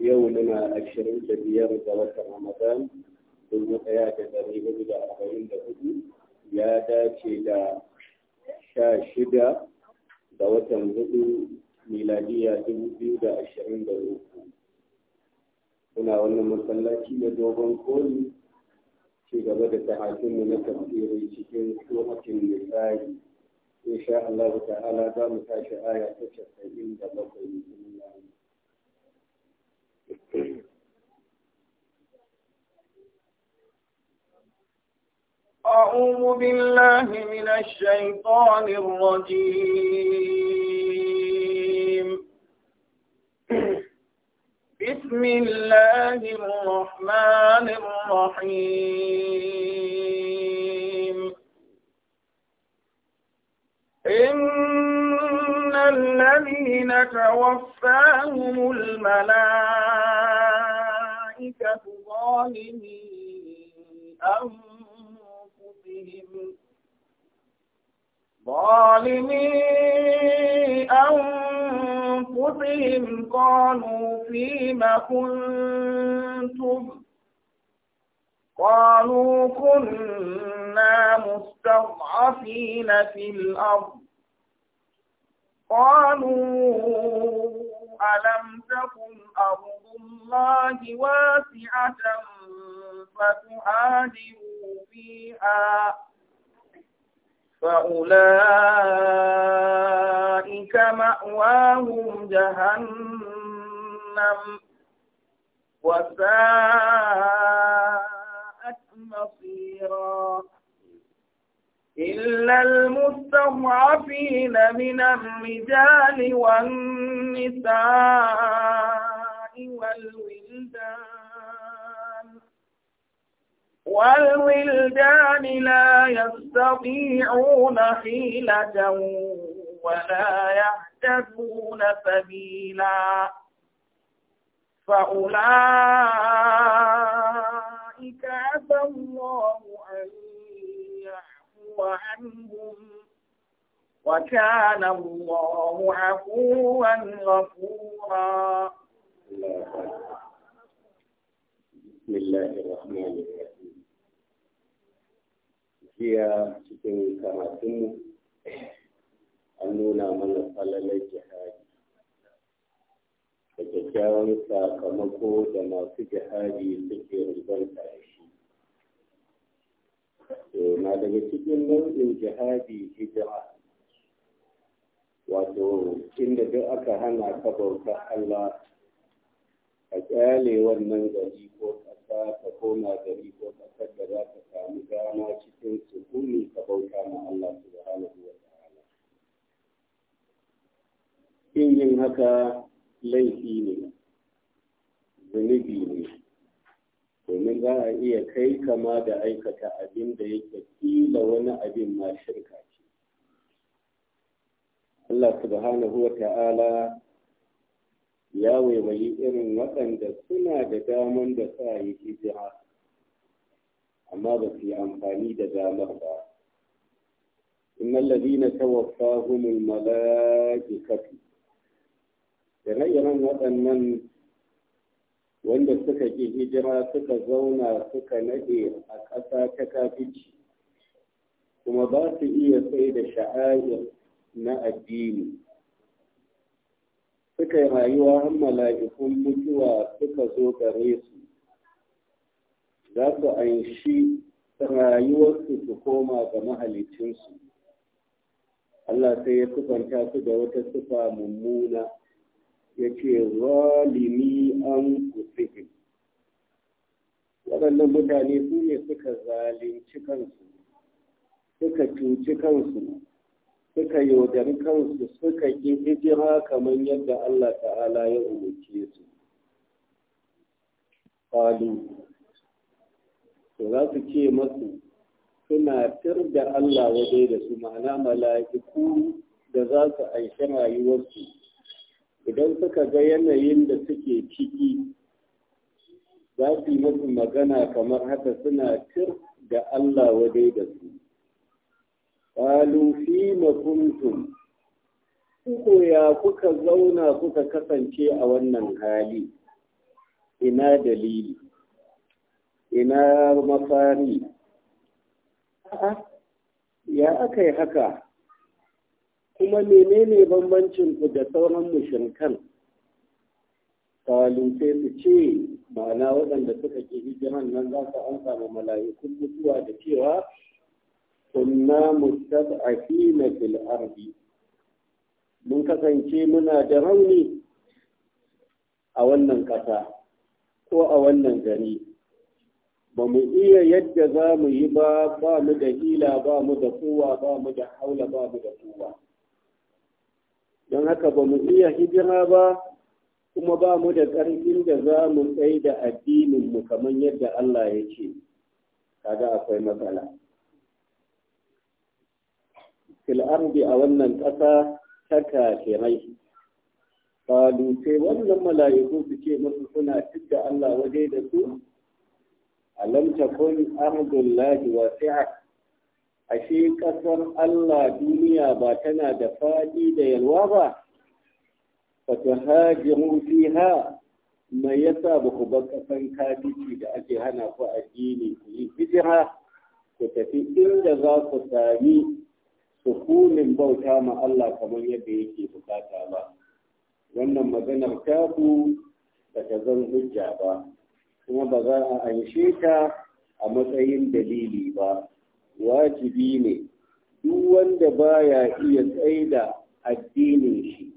Yau muna ashirin da biyar ga watan Ramadan, sun ɗaya da dari hudu da arba'in da hudu, ya dace da sha shida ga watan hudu miladiya dubu biyu da ashirin da uku. Muna wannan masallaci na dogon koli ci gaba da tahakinmu na tafsiri cikin tsohatin misali insha Allah ta'ala za mu tashi aya ta casa'in da bakwai أعوذ بالله من الشيطان الرجيم بسم الله الرحمن الرحيم إن الذين توفاهم الملائكة ظالمين أم ظالمي أنفسهم قالوا فيما كنتم قالوا كنا مستضعفين في الأرض قالوا ألم تكن أرض الله واسعة فتهاجروا فيها فأولئك مأواهم جهنم وساءت مصيرا إلا المستضعفين من الرجال والنساء والولدان والولدان لا يستطيعون حيلة ولا يهتدون سبيلا فأولئك عسى الله أن يعفو عنهم وكان الله عفوا غفورا jiya cikin karatunmu an nuna mana falalar jihadi da kyakkyawan sakamako da masu jihadi suke rubanta da shi na daga cikin nau'in jihadi hijira wato inda duk aka hana ka bauta Allah a kyale wannan gari ko ƙasa ka koma gari ko ƙasar da za ka samu dama cikin sukuni ka bauta ma Allah subhanahu wa ta'ala in yin haka laifi ne zunubi ne domin za a iya kai kama da aikata abin da yake kila wani abin ma shirka ce Allah subhanahu wa ta'ala ya waiwayi irin waɗanda suna da damar da sa yi hijira amma ba su yi amfani da damar ba In إن الذين توفاهم kafi da iren waɗannan wanda suka ƙi hijira suka zauna suka naɗe a ƙasa ta kafinci kuma ba su iya sai da sha'a'ir na addini suka yi rayuwa har mala'ikun mutuwa suka zo gare su za su anshi rayuwarsu su koma ga mahalicinsu Allah sai ya kubanta su da wata sufa mummuna ya ce zalimi an kusurin waɗannan mutane su ne suka zalunci kansu suka cuci kansu suka yaudari kansu suka ƙi hijira kamar yadda Allah ta'ala ya umarce su. Falu, to za su ce masu suna tir da Allah waje da su ma'ana mala'iku da za su aishi rayuwarsu idan suka ga yanayin da suke ciki za su yi masu magana kamar haka suna tir da Allah waje da su. Kalu fi kuntum Kuko ya kuka zauna kuka kasance a wannan hali, ina dalili, ina mafari. Ya aka yi haka, kuma menene bambancin ku da sauran mushrikan? Kalu sai su ce, ma'ana waɗanda suka ke hijiran nan za su an samu mala'ikun mutuwa da cewa kunna mustad'afina fil ardi mun kasance muna da rauni a wannan ƙasa ko a wannan gari ba mu iya yadda za mu yi ba ba mu da hila ba mu da kowa ba mu da haula ba mu da kowa don haka ba mu iya hijira ba kuma ba mu da ƙarfin da za mu tsaye da addininmu kamar yadda Allah ya ce kaga akwai matsala fil ardi a wannan ƙasa ta kafirai qalu sai wannan mala'iku su ce musu suna tidda Allah waje da su alam takun ardullahi wasi'a shi ƙasar Allah duniya ba tana da faɗi da yalwa ba fata hajjiru fiha mai yasa ba ku bar ƙasan kafici da ake hana ku addini ku yi hijira ku tafi inda za ku sami sukunin bauta ma Allah kamar yadda yake bukata ba wannan maganar taku ba ta zan hujja ba kuma ba za a anshe ta a matsayin dalili ba wajibi ne duk wanda baya iya tsaida addinin shi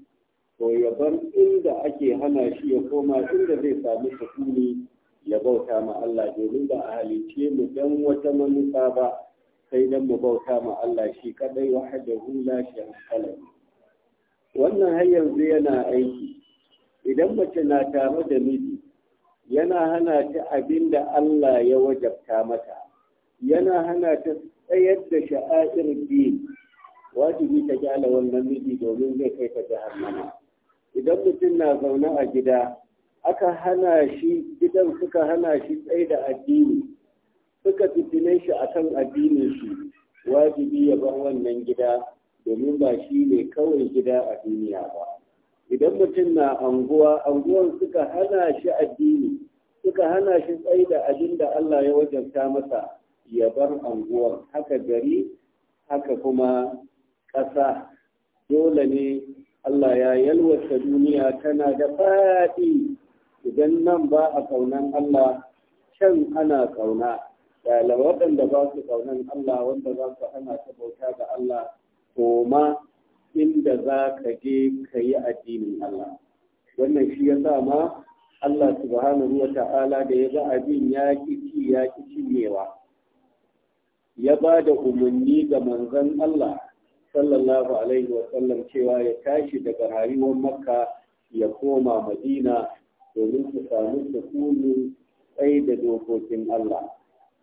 to ya bar inda ake hana shi ya koma inda zai sami sukuni ya bauta ma Allah domin ba a halice mu dan wata manufa ba sai dan mu bauta ma Allah shi kadai wahdahu la sharika lahu wannan har yanzu yana aiki idan mace na tare da miji yana hana ta abin da Allah ya wajabta mata yana hana ta tsayar da sha'a'ir din wajibi ta gyara wannan miji domin zai kai ta jahannama idan mutum na zaune a gida aka hana shi gidan suka hana shi tsaye da addini suka fitine shi a kan addinin shi wajibi ya bar wannan gida domin ba shi ne kawai gida a duniya ba idan mutum na anguwa anguwan suka hana shi addini suka hana shi tsayi da abin da Allah ya wajanta masa ya bar anguwar haka gari haka kuma ƙasa dole ne Allah ya yalwata duniya tana da faɗi idan nan ba a ƙaunan Allah can ana ƙauna da waɗanda ba su ƙaunan Allah wanda za su hana ta bauta ga Allah ko ma inda za ka je ka yi addinin Allah wannan shi ya ma Allah subhanahu wa ta'ala da ya ga abin ya ci ya ki mewa ya ba da umarni ga manzan Allah sallallahu alaihi wa sallam cewa ya tashi daga rayuwar makka ya koma madina domin su samu sukunin tsaye da dokokin Allah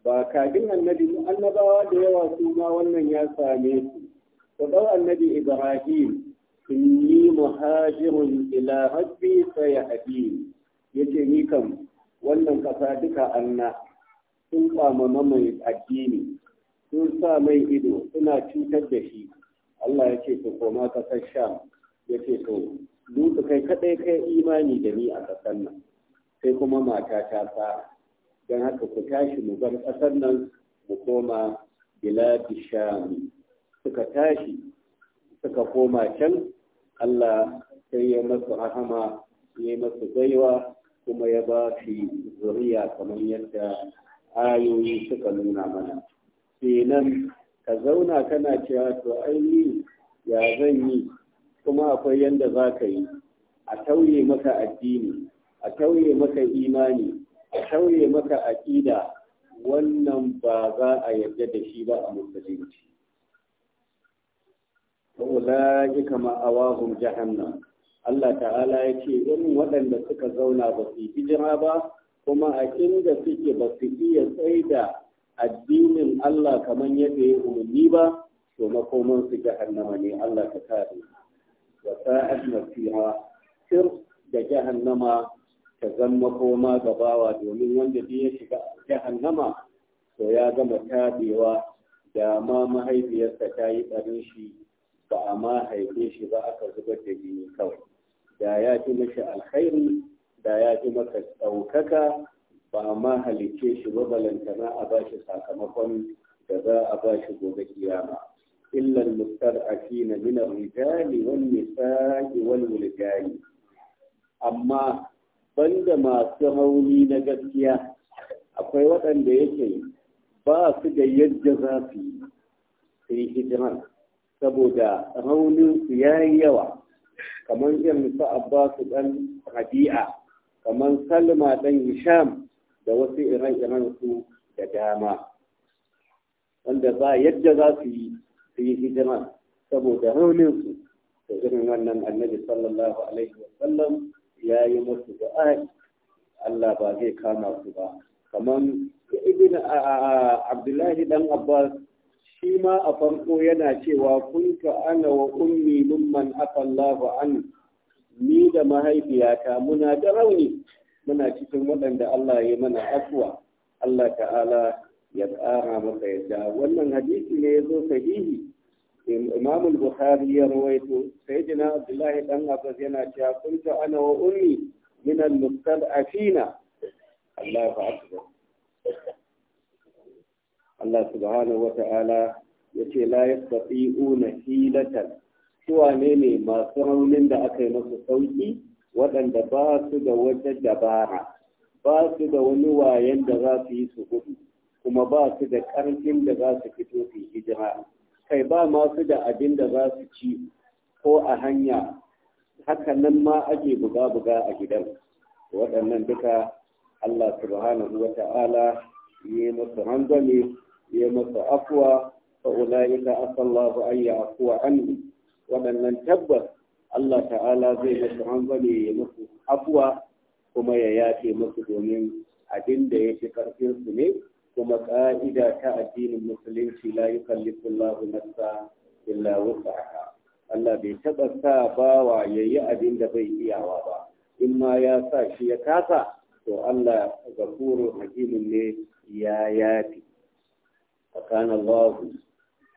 ba kafin annabi annabawa da yawa su ma wannan ya same su ku dau annabi ibrahim inni muhajirun ila rabbi sayahdi yace ni kam wannan kasa duka anna sun kwamama mai addini sun sa mai ido suna cutar da shi Allah ya ce su koma kasar sham ya ce to dutse kai kadai kai imani da ni a kasar nan sai kuma mata ta sa don haka ku tashi mu bar ƙasar nan mu koma biladi suka tashi suka koma can Allah sai ya masu rahama ya masu baiwa kuma ya ba shi zuriya kamar yadda ayoyi suka nuna mana kenan ka zauna kana cewa to ni, ya zan yi kuma akwai yadda za ka yi a tauye maka addini a tauye maka imani sauye maka aƙida wannan ba za a yarda da shi ba a musulunci ula'ika kama awahum jahannan. Allah ta'ala ya ce irin waɗanda suka zauna ba su hijira ba kuma a inda suke ba su iya tsaida addinin Allah kamar yadda ya umarni ba to makoman su jahannama ne Allah ta kare wa sa'at nasiha sir da jahannama ta zama koma ga bawa domin wanda duk ya shiga jahannama to ya gama tabewa da ma mahaifiyarsa ta yi tsarin shi ba a ma haife shi ba aka zubar da jini kawai da ya fi mashi alkhairi da ya fi maka ɗaukaka ba a ma shi ba balantana a bashi sakamakon da za a ba shi gobe kiyama illa mustad'afina min ar-rijali wan nisa'i wal amma banda masu rauni na gaskiya akwai waɗanda yake ba su da yadda za su yi su yi hijiran saboda raunin su ya yi yawa kamar yin su abbasu ɗan rabi'a kamar salma ɗan hisham da wasu iran-iran su da dama wanda ba yadda za su yi su yi hijiran saboda raunin su da irin wannan annabi sallallahu alaihi wasallam ya yi musu da Allah ba zai kama su ba kamar a abdullahi dan abbas shi ma a farko yana cewa kun ka ana wa ummi mimman lafa an ni da mahaifiyata muna da rauni muna cikin waɗanda Allah ya mana afuwa Allah ta'ala ya tsara masa yadda wannan hadisi ne ya zo sahihi imam al-bukhari ya rawaito sayyidina abdullahi ɗan abbas yana cewa kuntu ana wa ummi min al-mustad'afina Allah ya akbar Allah subhanahu wa ta'ala yace la yastati'una hilatan suwa ne ne masu raunin da aka yi masu sauki waɗanda ba su da wata dabara ba su da wani wayan da za su yi su gudu kuma ba su da ƙarfin da za su fito su hijira kai ba masu da abin da za su ci ko a hanya haka nan ma ake buga-buga a gidan waɗannan duka Allah subhanahu wa ta'ala ya masu hangame ya masu afuwa fa'ula'ika asallahu an ya afuwa an waɗannan tabbas Allah ta'ala zai masu hangame ya masu afuwa kuma ya yafe masu domin abin da ya fi ƙarfinsu ne kuma ƙa'ida ta addinin musulunci la yukallifu Allahu nafsa illa wus'aha Allah bai taba sa bawa yayi abin da bai iyawa ba in ma ya sa shi ya kasa to Allah gafuru hakimin ne ya yafi akan Allah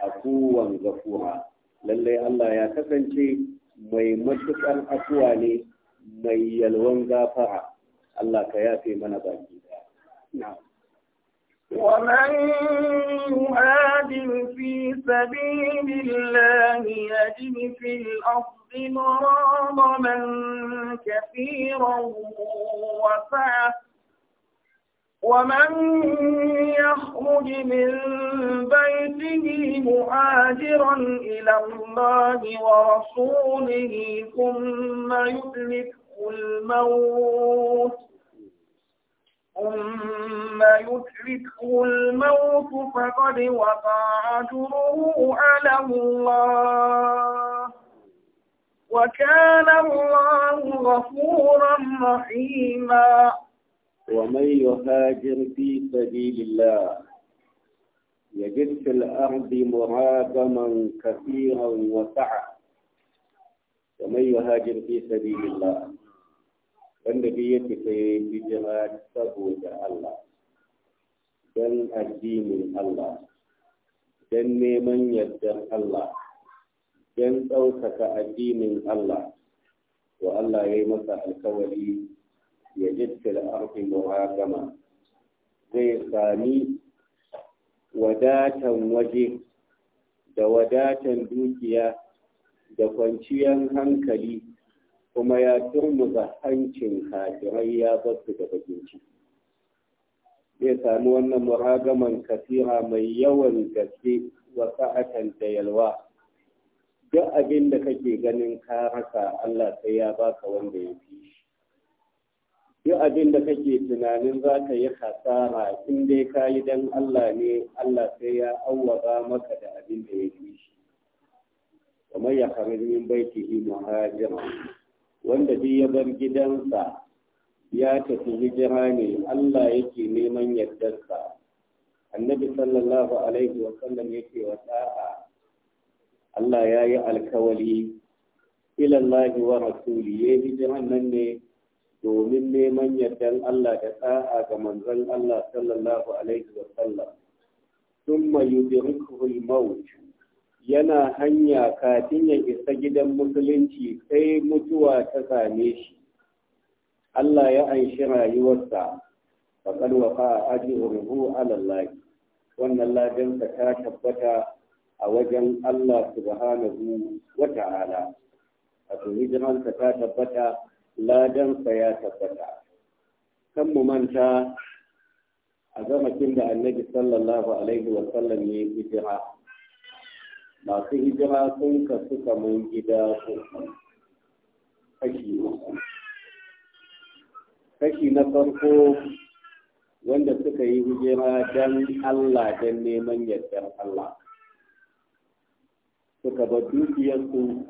akuwan gafura lallai Allah ya kasance mai matuƙar afuwa ne mai yalwan gafara Allah ka yafe mana baki daya na'am ومن يهاجر في سبيل الله يجد في الأرض مراغما كثيرا وسعة ومن يخرج من بيته مهاجرا إلى الله ورسوله ثم يدركه الموت ثم يدركه الموت فقد وقع أجره على الله وكان الله غفورا رحيما ومن يهاجر في سبيل الله يجد في الأرض مراغما كثيرا وسعة ومن يهاجر في سبيل الله wanda bi ya fita ya yi hijira saboda Allah don addinin Allah don neman yardar Allah don ɗaukaka addinin Allah wa Allah ya yi masa alkawari ya jiskar arfin muhakama zai sami wadatan waje da wadatan dukiya da kwanciyar hankali kuma ya turmuza hancin kafirai ya basu da bakin ciki zai sami wannan muragaman kasira mai yawan gaske wa sa'atan da yalwa duk abin da kake ganin ka rasa Allah sai ya baka wanda ya fi shi duk abin da kake tunanin za ka yi hasara in dai ka yi don Allah ne Allah sai ya awwaba maka da abin da ya fi shi kamar ya karin min baitihi muhajira wanda duk ya bar gidansa ya tafi hijira ne Allah yake neman yardarsa annabi sallallahu alaihi wa sallam yake wa sa'a Allah ya yi alkawali Allah wa rasuli ya hijira nan ne domin neman yardan Allah da sa'a ga manzon Allah sallallahu alaihi wa sallam thumma yudrikuhu al-maut yana hanya kafin ya isa gidan musulunci sai mutuwa ta same shi Allah ya anshi rayuwarsa faƙar wafa a ajiyarhu alallahi wannan ladansa ta tabbata a wajen Allah subhanahu wa ta'ala a hijiransa ta tabbata ladansa ya tabbata kan mu manta a zamakin da annabi sallallahu alaihi wa sallam ya hijira masu hijira sun suka kamar gida kashi uku kashi na farko wanda suka yi hijira don Allah don neman yardar Allah suka bar dukiyarsu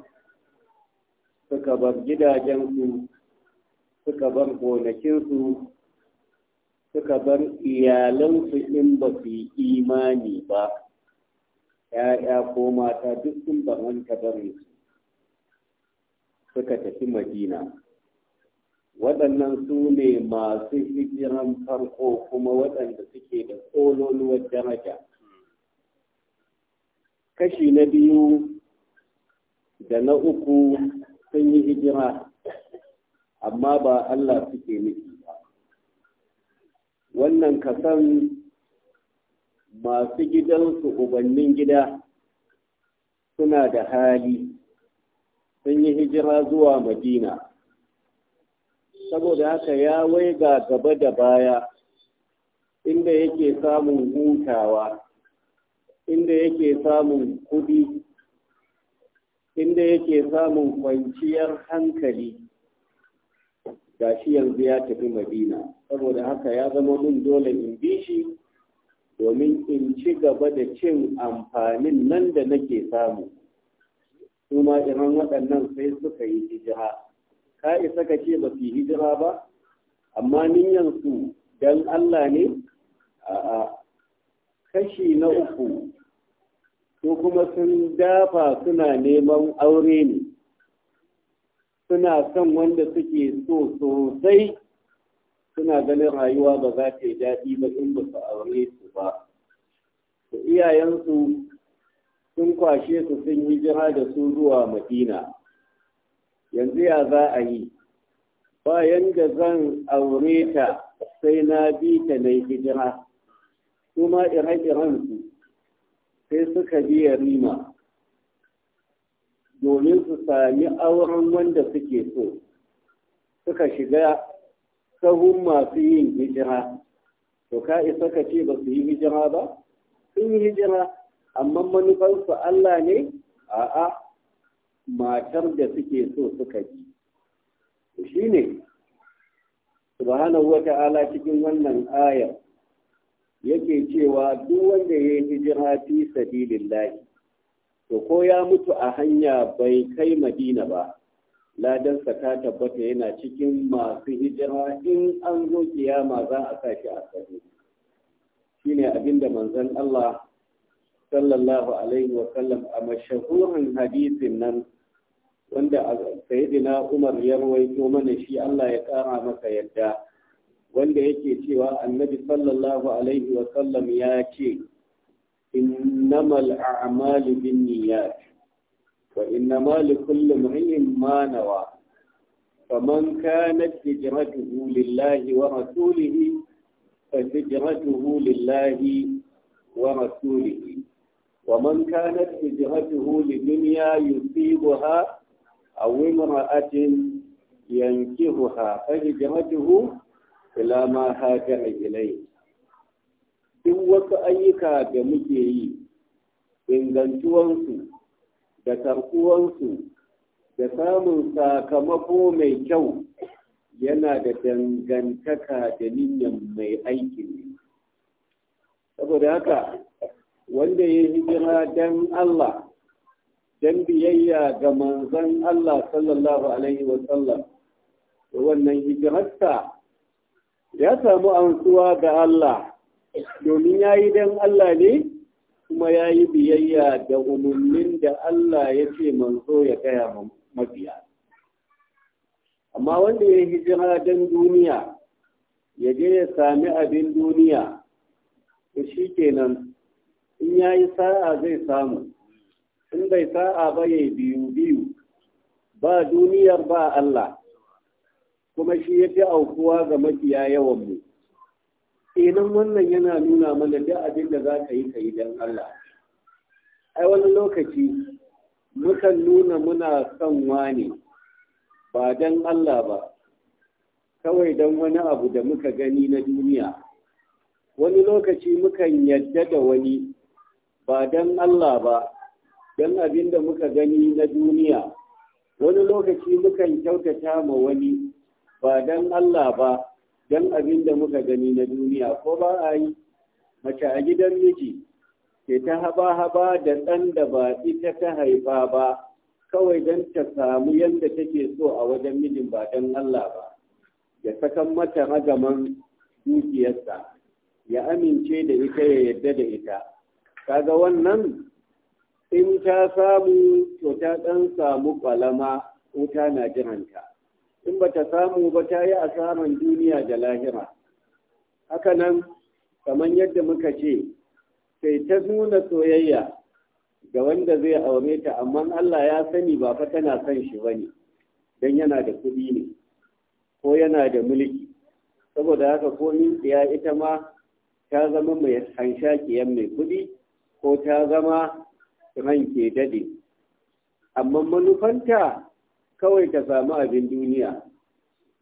suka bar gidajensu suka bar gonakinsu suka bar iyalansu in ba su yi imani ba ‘ya'ya ko mata duk sun ba'anta barin su suka tafi madina waɗannan su ne masu hijiran farko kuma waɗanda suke da ƙololuwar daraja kashi na biyu da na uku sun yi hijira amma ba Allah suke nufi ba wannan kasan masu gidansu ubannin gida suna da hali sun yi hijira zuwa madina saboda haka ya wai ga gaba da baya inda yake samun hutawa inda yake samun kudi inda yake samun kwanciyar hankali gashi yanzu ya tafi madina saboda haka ya zama mun dole in bi shi domin in ci gaba da cin amfanin nan da nake samu su ma waɗannan sai suka yi hijira ka isa ka ce ba su hijira ba amma niyyarsu don Allah ne a kashi na uku Ko kuma sun dafa suna neman aure ne suna son wanda suke so sosai suna ganin rayuwa ba za ta yi daɗi ba in ba su aure su ba Ku iyayensu sun kwashe su sun yi hijira da su zuwa madina yanzu ya za a yi bayan da zan aure ta sai na bi ta na hijira kuma ire-irensu sai suka biya rima domin su sami auren wanda suke so suka shiga sahun masu yin hijira to ka isa ka ce ba su yi hijira ba sun yi hijira amma manufansu Allah ne a'a matar da suke so suka ji shi ne subhanahu wa ta'ala cikin wannan ayar yake cewa duk wanda ya yi hijira fi sabilillahi to ko ya mutu a hanya bai kai madina ba ladan sa ta tabbata yana cikin masu hijira in an zo kiyama za a sa shi a shine abinda manzon Allah sallallahu alaihi wa sallam a mashahurin hadisin nan wanda sayyidina Umar ya rawaito mana shi Allah ya kara masa yadda wanda yake cewa annabi sallallahu alaihi wa sallam ya ce innamal a'malu binniyat وإنما لكل امرئ ما نوى فمن كانت هجرته لله ورسوله فهجرته لله ورسوله ومن كانت هجرته لدنيا يصيبها أو امرأة ينكهها فهجرته إلى ما هاجر إليه duk wasu ayyuka da muke yi ingantuwansu da karkuwansu da samun sakamako mai kyau yana da dangantaka da niyan mai aikin saboda haka wanda ya hijira don Allah don biyayya ga manzon Allah sallallahu alaihi wasallam wannan hijirarsa ya samu ansuwa ga Allah domin ya yi don Allah ne kuma ya yi biyayya da umarnin da Allah ya ce manzo ya gaya mabiya. Amma wanda ya hijira don duniya, ya je ya sami abin duniya, to shi kenan in ya yi sa'a zai samu, in bai sa'a ba ya biyu biyu, ba duniyar ba Allah, kuma shi ya fi aukuwa ga mafiya yawanmu. kenan wannan yana nuna mana duk abin da za ka yi ka yi don Allah ai wani lokaci mukan nuna muna son wani ba don Allah ba kawai don wani abu da muka gani na duniya wani lokaci mukan yadda da wani ba don Allah ba don abin da muka gani na duniya wani lokaci mukan kyautata ma wani ba don Allah ba don abin da muka gani na duniya ko ba a yi mace a gidan miji ke ta haba-haba da ɗan da ba ita ta haifa ba kawai don ta samu yadda take so a wajen mijin ba don Allah ba ya sakan mata ragaman dukiyarsa ya amince da ita ya yadda da ita kaga wannan in ta samu to ta ɗan samu ƙwalama wuta na jiranta in ba ta samu ba ta yi asaran duniya da lahira hakanan kamar yadda muka ce sai ta nuna soyayya ga wanda zai aure ta amma Allah ya sani ba fa tana son shi ba ne don yana da kuɗi ne ko yana da mulki saboda haka ko ya ita ma ta zama mai hanshakiyan mai kuɗi ko ta zama ke dade amma manufanta kawai ka samu abin duniya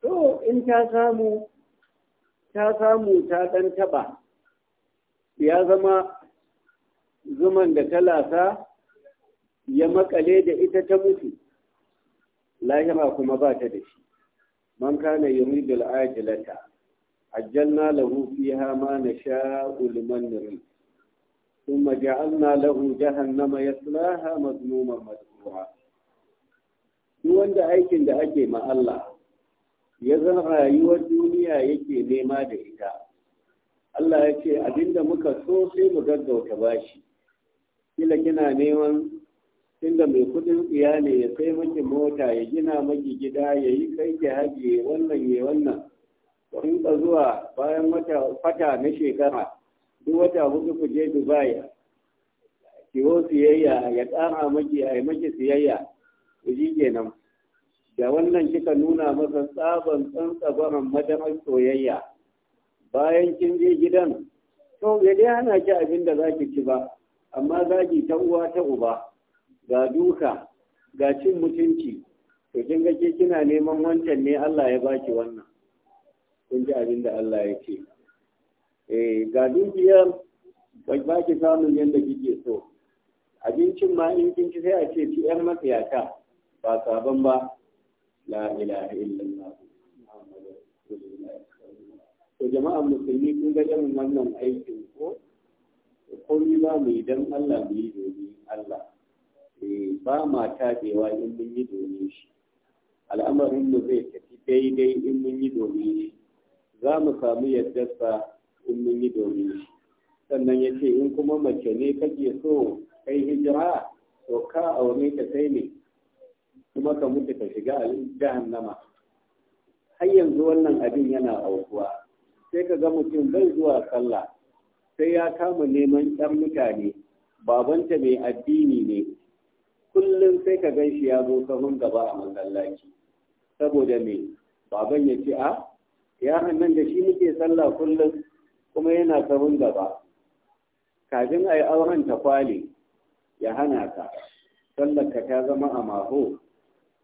to in ta samu ta samu ta ɗan taɓa ya zama zuman da ta lasa ya makale da ita ta mutu lahira kuma ba ta da shi man kana yuridu al'ajilata ajjalna lahu fiha ma nasha'u liman nurid ثم جعلنا له جهنم يصلاها mazmuman مدحورا wanda aikin da ake ma Allah ya zan rayuwar duniya yake nema da ita Allah ya ce abinda muka so sai mu gaggauta bashi kila kina neman inda mai kudin tsiya ne ya sai maki mota ya gina maki gida ya yi kai ke haji wannan ya wannan kun ka zuwa bayan wata fata na shekara duk wata hudu ku je Dubai ki wo siyayya ya ƙara maki a yi maki siyayya shi kenan da wannan kika nuna masa tsaban tsantsabaran madarar soyayya bayan kin je gidan to ya dai hana ki abin da zaki ci ba amma za ki ta uwa ta uba ga duka ga cin mutunci to kin ga ke kina neman wancan ne Allah ya baki wannan kun ji abin da Allah ya ce eh ga dukiyar ba ba ki samun yadda kike so abincin ma in kin ci sai a ce ki yar matsiyata ba sabon ba la ilaha illallah muhammadur rasulullah to jama'a musulmi kun ga irin wannan aikin ko komai ba mu idan Allah mu yi domin Allah eh, ba ma tabewa in mun yi domin shi al'amarin mu zai tafi daidai in mun yi domin shi za mu samu yardarsa in mun yi domin shi sannan ya ce in kuma mace ne kake so kai hijira to ka aure ta sai ne kuma ka mutu ka shiga a jahannama har yanzu wannan abin yana aukuwa sai ka ga mutum bai zuwa sallah sai ya kama neman ɗan mutane babanta mai addini ne kullum sai ka gan shi ya zo sahun gaba a masallaci saboda me baban ya ce a Ya hannun da shi muke sallah kullum kuma yana sahun gaba kafin a yi auren ta kwale ya hana ka sallar ka ta zama a maho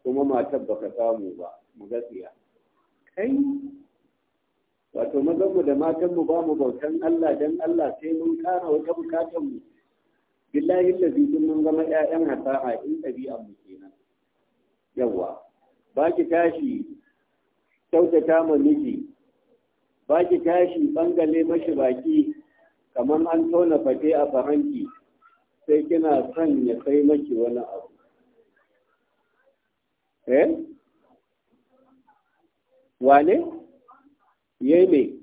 kuma matar baka samu ba mu gaskiya kai wato mazanmu da matanmu ba mu bautan Allah dan Allah sai mun kara wata bukatar mu billahi lazi din mun gama ƴaƴan hasa'a in ɗabi'a mu kenan yawa ba ki tashi kyautata ma miji ba ki tashi bangale mashi baki kamar an tona fate a faranki sai kina son ya sai maki wani abu Wane eh? wane yayi ne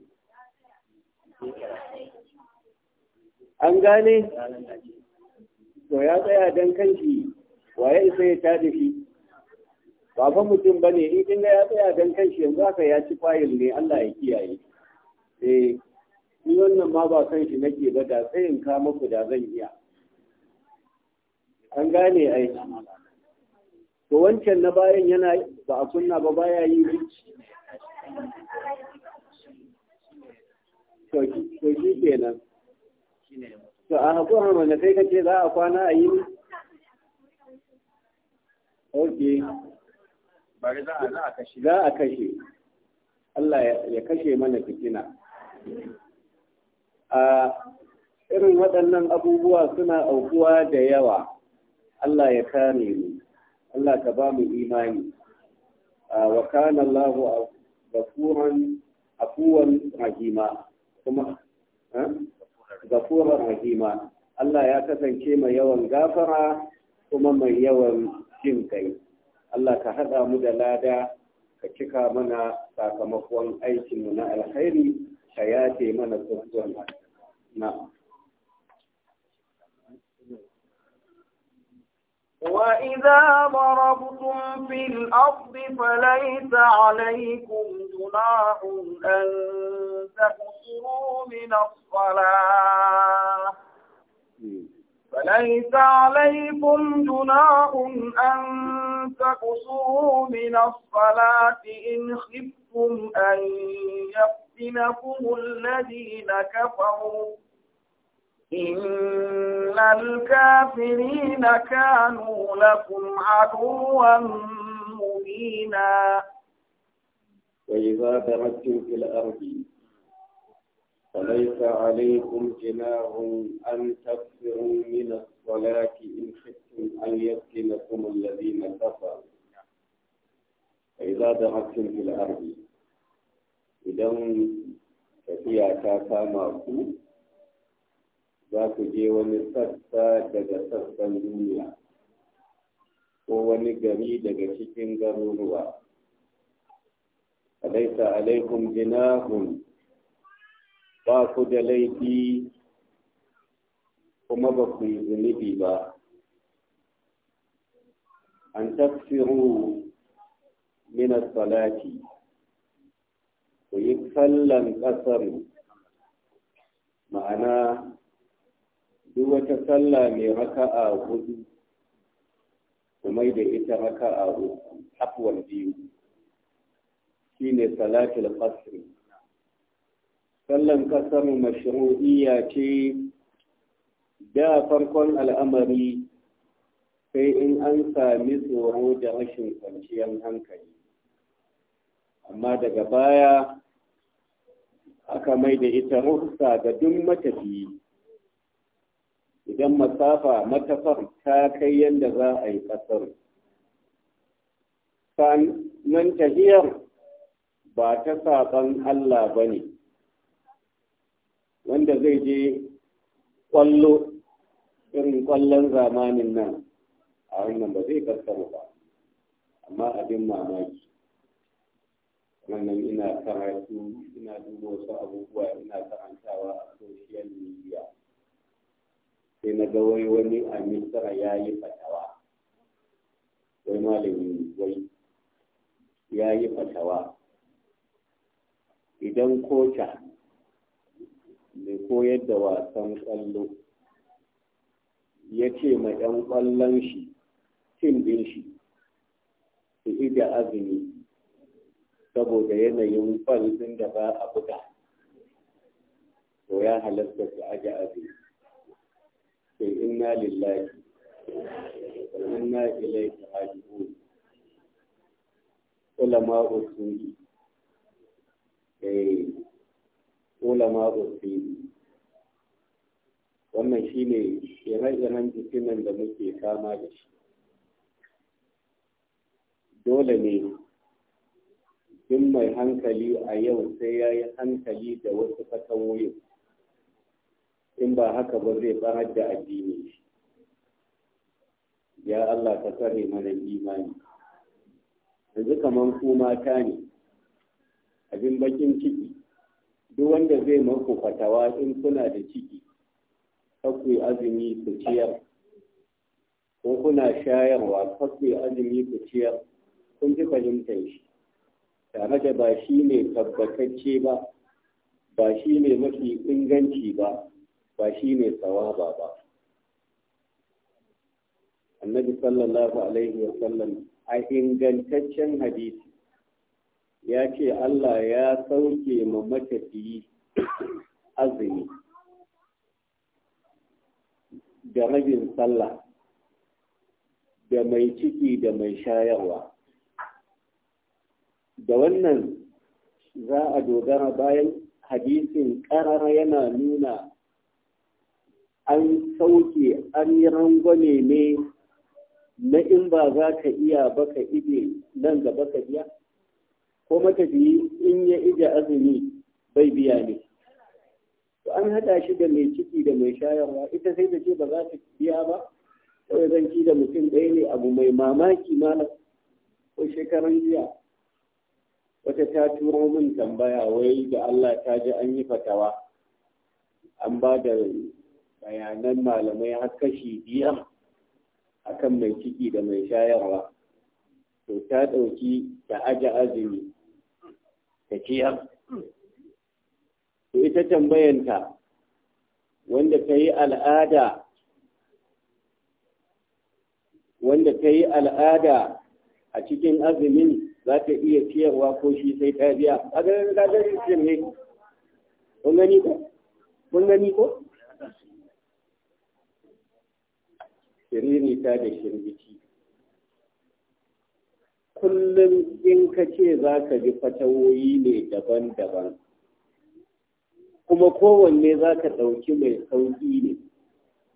an gane to ya tsaya don kanshi waye isa ya tada shi ba mutum bane in kin ga ya tsaya dan kanshi yanzu aka ya ci fayil ne Allah ya kiyaye eh ni wannan ma ba san shi nake ba da tsayin ka muku da zan iya an gane ai to wancan na bayan yana ba a kunna ba baya yi to shi kenan to a haƙo hama na kai kace za a kwana a yi ok bari za a kashe za a kashe Allah ya kashe mana fitina a irin waɗannan abubuwa suna aukuwa da yawa Allah ya kare mu Allah ka ba mu imani wa kana Allahu gafuran afuwan rahima kuma gafuran rahima Allah ya kasance mai yawan gafara kuma mai yawan jin kai Allah ka haɗa mu da lada ka cika mana sakamakon aikinmu na alkhairi ka yace mana kuskure na'am وإذا ضربتم في الأرض فليس عليكم جناح أن تقصروا من الصلاة فليس عليكم جناح أن تقصروا من الصلاة إن خفتم أن يفتنكم الذين كفروا إن الكافرين كانوا لكم عدوا مبينا وإذا ضربتم في الأرض فليس عليكم جناح أن تكفروا من الصلاة إن خفتم أن يفتنكم الذين كفروا فإذا ضربتم في الأرض إذا تفيا كافا kama za ku je wani sassa daga sassan duniya ko wani gari daga cikin garuruwa alaisa alaikum jinahun ba ku da laifi kuma ba ku yi zunubi ba an tafsiru min salati ku yi kallon ƙasar ma'ana duk wata sallah mai raka'a hudu kuma da ita raka'a hudu afwan biyu shine salatul qasr sallan kasar mashru'iyya ce da farkon al'amari sai in an sami tsoro da rashin kwanciyar hankali amma daga baya aka mai da ita rufsa ga duk matafiyi idan masafa matafar ta kai yadda za a yi ƙasar sannan tahiyar ba ta saɓan Allah ba ne wanda zai je ƙwallo irin ƙwallon zamanin nan a wannan ba zai ƙasar ba amma abin mamaki wannan ina karatu ina duba wasu abubuwa ina karantawa a social media sai na ga wai wani a misira ya yi fatawa wai malami wai ya yi fatawa idan kota mai koyar da wasan kwallo ya ce ma 'yan kwallon shi cin din shi su iya azumi saboda yanayin kwallon da ba a buga to ya halatta su aje azumi sai inna lillahi ina inna ilaihi raji'un ulama usuli eh ulama usuli wannan shine ire-iren nan da muke kama da shi dole ne duk mai hankali a yau sai ya yi hankali da wasu fatawoyin in ba haka ba zai barar da addini ya Allah ka tsare mana imani yanzu kamar ku mata ne abin bakin ciki duk wanda zai maku fatawa in kuna da ciki kakwai azumi ku ciyar ko kuna shayarwa kakwai azumi ku ciyar kun ji fahimtar shi tare da ba shi ne tabbatacce ba ba shi ne mafi inganci ba ba shi ne tsawaba ba annabi sallallahu alaihi wasallam a ingantaccen hadisi ya ce Allah ya sauke ma matafiyi azumi da rabin sallah da mai ciki da mai shayarwa da wannan za a dogara bayan hadisin ƙarara yana nuna an sauke an yi rangwame ne na in ba za ka iya ba ije nan gaba ka biya ko matafiyi in ya ije azumi bai biya ne to an haɗa shi da mai ciki da mai shayarwa ita sai da ce ba za ta biya ba kawai zan ci da mutum ɗaya ne abu mai mamaki malam ko shekaran jiya wata ta turo min tambaya wai da Allah ta ji an yi fatawa an ba da bayanan malamai har kashi biyar akan mai ciki da mai shayarwa to ta ɗauki ta aji azumi ta ciyar to ita tambayanta wanda ta yi al'ada wanda ta yi al'ada a cikin azumin za ta iya ciyarwa ko shi sai ta biya a ganin gadarin ne kun gani ko? kun gani ko? ta da shirbici kullum in ka ce za ka ji fatawoyi ne daban-daban kuma kowanne za ka ɗauki mai sauƙi ne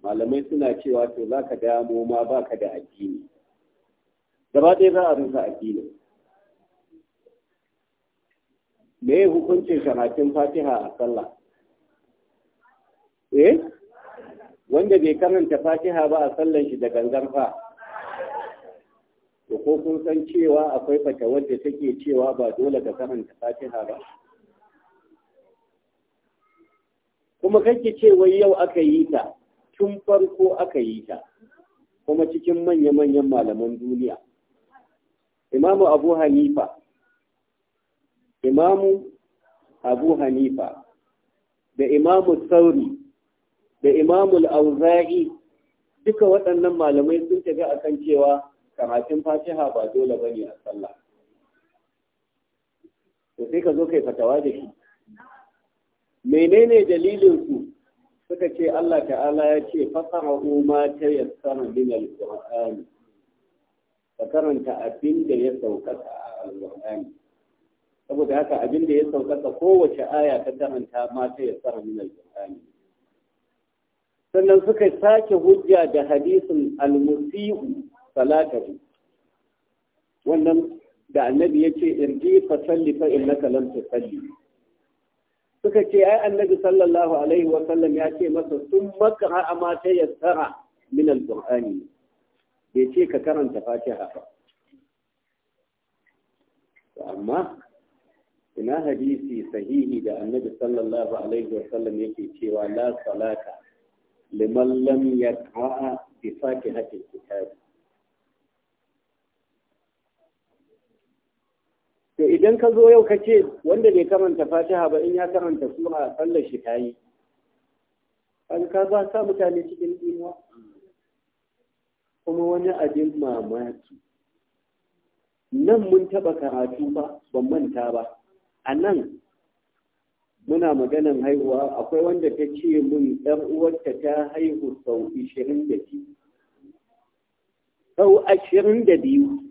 malamai suna cewa to za ka damo ma ba ka da addini gaba ɗaya za a rusa addini me hukuncin karatun fatiha a sallah eh wanda bai karanta fatiha ba a sallan shi da gangan fa To ko kun san cewa akwai fatawar da take cewa ba dole ka karanta fatiha ba kuma kake ce wai yau aka yi ta tun farko aka yi ta kuma cikin manya-manyan malaman duniya imamu abu hanifa imamu abu hanifa da imamu sauri da imamul auza'i duka waɗannan malamai sun tafi akan cewa karatun fatiha ba dole bane a sallah to sai ka zo kai fatawa da shi menene dalilin su suka ce Allah ta'ala ya ce fasara'u ma ta yassara min al-qur'an ka karanta abin da ya saukata a al quran saboda haka abin da ya saukata kowace aya ta karanta ma ta yassara min al quran sannan suka sake hujja da hadisin almusihu salatahu wannan da annabi ya ce irji fa salli fa innaka lam tusalli suka ce ai annabi sallallahu alaihi wa sallam ya ce masa sun makara amma ta yassara min Al-gur'ani. al-qur'ani bai ce ka karanta fatiha ba amma ina hadisi sahihi da annabi sallallahu alaihi wa sallam yake cewa la salata لمن لم yaqra bi الكتاب to idan ka zo yau ka ce wanda bai karanta fatiha ba in ya karanta sura sallar shi tayi an ka ba sa mutane cikin dimuwa kuma wani abin mamaki nan mun taɓa karatu ba ban manta ba a nan muna maganan haihuwa akwai wanda ta ce mun ɗan uwarta ta haihu sau ishirin da biyu sau ashirin da biyu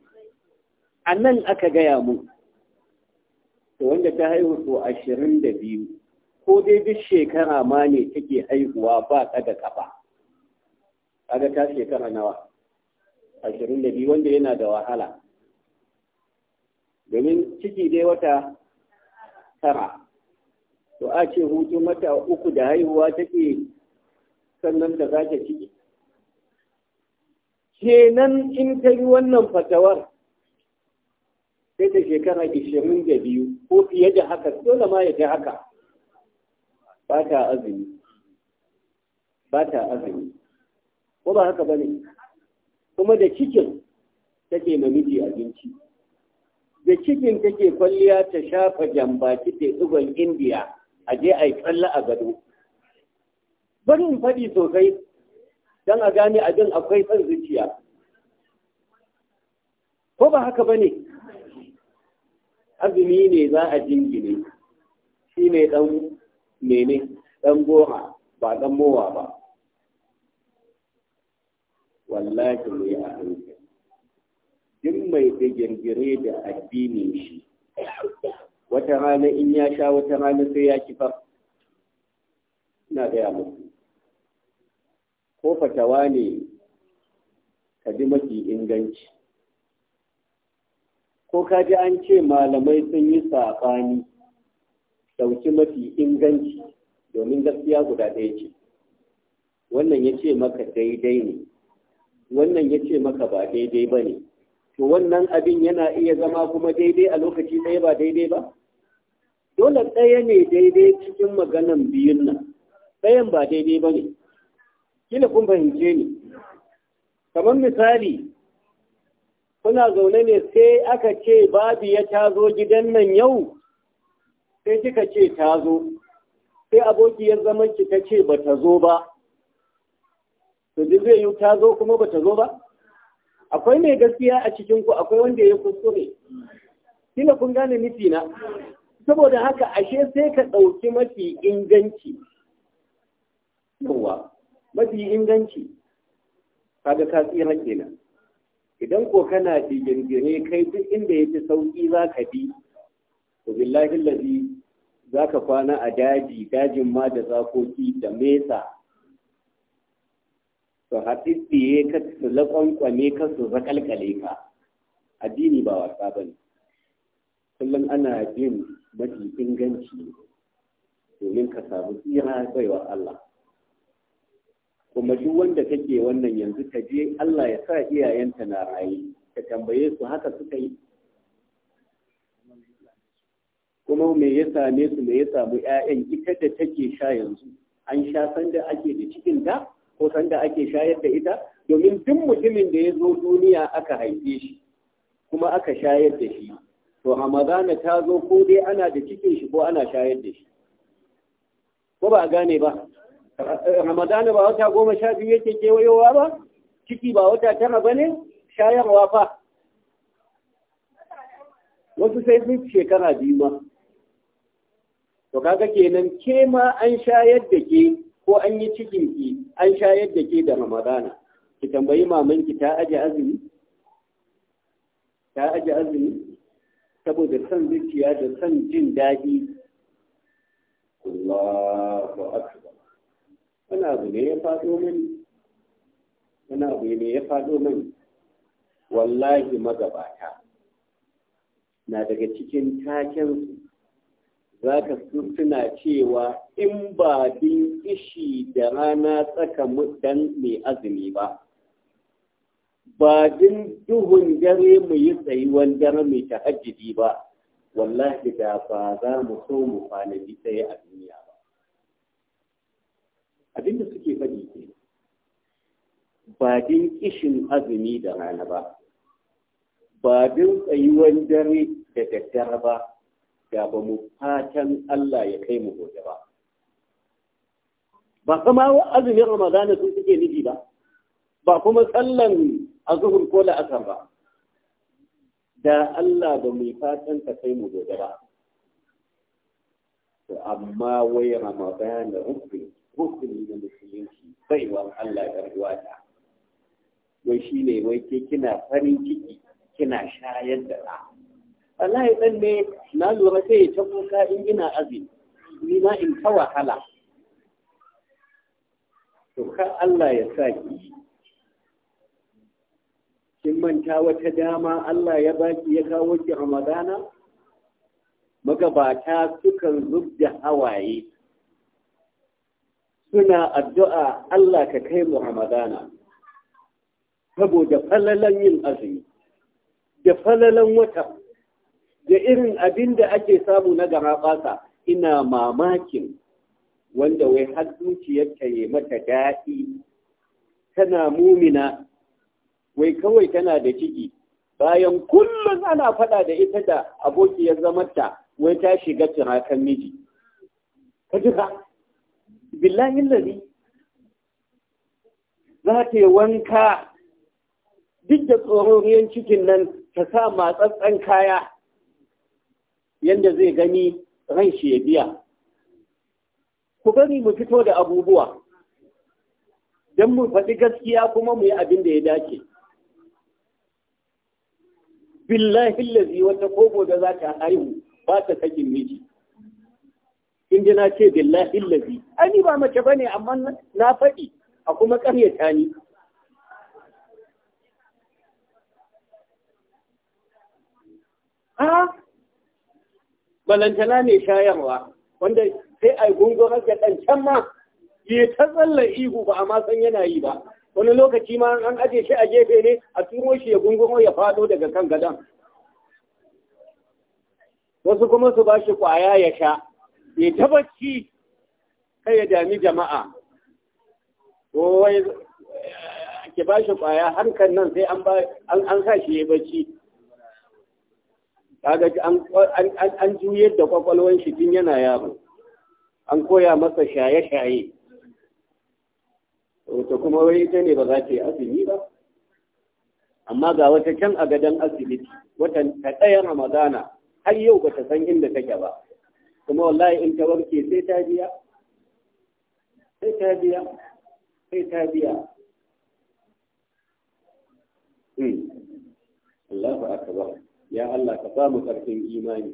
a nan aka gaya mun to wanda ta haihu sau ashirin da biyu ko dai duk shekara ma ne take haihuwa ba ɗaga kafa kaga ta shekara nawa ashirin da biyu wanda yana da wahala domin ciki dai wata tara to a ce hutu mata uku da haihuwa take sannan da za ta ciki kenan in ta yi wannan fatawar sai ta shekara ishirin da biyu ko fiye da haka dole ma ya ta haka ba ta azumi ba ta azumi ko ba haka ba ne kuma da cikin take namiji abinci da cikin take kwalliya ta shafa jambaki ta ɗigon indiya a je a yi tsalla a gado bari in faɗi sosai don a gane abin akwai son zuciya ko ba haka ba ne azumi ne za a jingine shi ne ɗan mene ɗan goma ba ɗan mowa ba wallahi mai a hankali duk mai da girgire da addinin shi wata rana in ya sha wata rana sai ya kifar ina gaya muku ko fatawa ne ka ji mafi inganci ko ka ji an ce malamai sun yi saɓani ɗauki mafi inganci domin gaskiya guda ɗaya ce wannan ya ce maka daidai ne wannan ya ce maka ba daidai ba ne to wannan abin yana iya zama kuma daidai a lokaci ɗaya ba daidai ba dole ɗaya ne daidai cikin maganan biyun nan ɗayan ba daidai ba ne kila kun fahimce ni kamar misali kuna zaune ne sai aka ce babu ya tazo gidan nan yau sai kika ce tazo sai abokiyar zaman ki ta ce ba ta zo ba to ji zai yi tazo kuma ba ta zo ba akwai mai gaskiya a cikin ku akwai wanda ya kuskure kila kun gane nufi na saboda haka ashe sai ka ɗauki mafi inganci yawa mafi inganci kaga ka tsira kenan idan ko kana digirgire kai duk inda ya fi sauƙi za ka bi to billahi lazi za ka kwana a daji dajin ma da zakoki da mesa su haɗiɗɗiye ka su laƙwanƙwane ka su zaƙalƙale ka addini ba wasa ba ne kullum ana jin mafi inganci domin ka samu tsira baiwa Allah kuma duk wanda kake wannan yanzu ka je Allah ya sa iyayenta na raye ka tambaye su haka suka yi kuma me ya same su me ya samu ƴaƴan ita da take sha yanzu an sha sanda ake da cikin ta ko sanda ake shayar da ita domin duk mutumin da ya zo duniya aka haife shi kuma aka shayar da shi to Ramadana ta zo ko dai ana da cikin shi ko ana shayar da shi ko ba gane ba Ramadana ba wata goma sha biyu yake kewayowa ba ciki ba wata tara ba ne shayarwa fa wasu sai sun shekara biyu ma to kaga kenan ke ma an shayar da ke ko an yi cikin ki an shayar da ke da Ramadana ki tambayi mamanki ta aje azumi ta aje azumi saboda son zuciya da san jin daɗi Allahu akbar wani abu ne ya faɗo mani wani abu ne ya faɗo mani wallahi magabata na daga cikin takensu za ka suna cewa in ba bin ishi da rana tsaka dan mai azumi ba ba din duhun dare mu yi tsayuwan dare mai tahajjudi ba wallahi da ba za mu so mu kwanaki tsaye a duniya ba abinda suke faɗi ke ba din kishin azumi da rana ba ba din tsayuwan dare da daddare ba da ba mu fatan Allah ya kai mu gobe ba ba kama azumin ramadana sun suke nufi ba ba kuma sallan a zuhur ko asar ba da Allah ba mai fatan ta kai mu gobe ba to amma wai ramadan da rukun rukuni na musulunci baiwa Allah ruwa ta wai shine wai ke kina farin ciki kina shayar da ra wallahi dan ne na lura sai ta kuka in ina azumi ni ma in ta wahala to ka Allah ya sa kin manta wata dama Allah ya baki ya kawo ki Ramadana magabata sukan zubda hawaye suna addu'a Allah ka kai mu Ramadana saboda falalan yin azumi da falalan wata da irin abin da ake samu na garaɓasa ina mamakin wanda wai har zuciyarta ya mata daɗi tana mumina wai kawai tana da ciki bayan kullum ana faɗa da ita da abokiyar zamanta, wai ta shiga cirakan miji ka ji ka billahi lalli za ta yi wanka duk da tsoron cikin nan ta sa matsatsan kaya yadda zai gani ran shi ya biya ku bari mu fito da abubuwa don mu faɗi gaskiya kuma mu yi abin da ya dace billahi lazi wata kogo da za ta haihu ba ta sakin miji in ji na ce billahi lazi ani ba mace bane amma na faɗi a kuma ƙaryata ni Ah, balantana ne shayarwa wanda sai a gungun da ɗan can ma ya ta tsalla ihu ba a masan yana yi ba wani lokaci ma an aje shi a gefe ne a turo shi ya gungumo ya fado daga kan gadon wasu kuma su ba shi kwaya ya sha ya tabbaci kai ya dami jama'a ko wai eh, ke ba shi kwaya harkar nan sai an sa shi ya bacci kaga an juyar da kwakwalwan shi tun yana yaro an koya masa shaye-shaye wata kuma wai ita ne ba za ta yi azumi ba amma ga wata can a gadon asibiti wata ta ɗaya ramadana har yau ba ta san inda take ba kuma wallahi in ta warke sai ta biya sai ta biya sai ta biya hmm. Allah aka ba, ya Allah ka ba mu karfin imani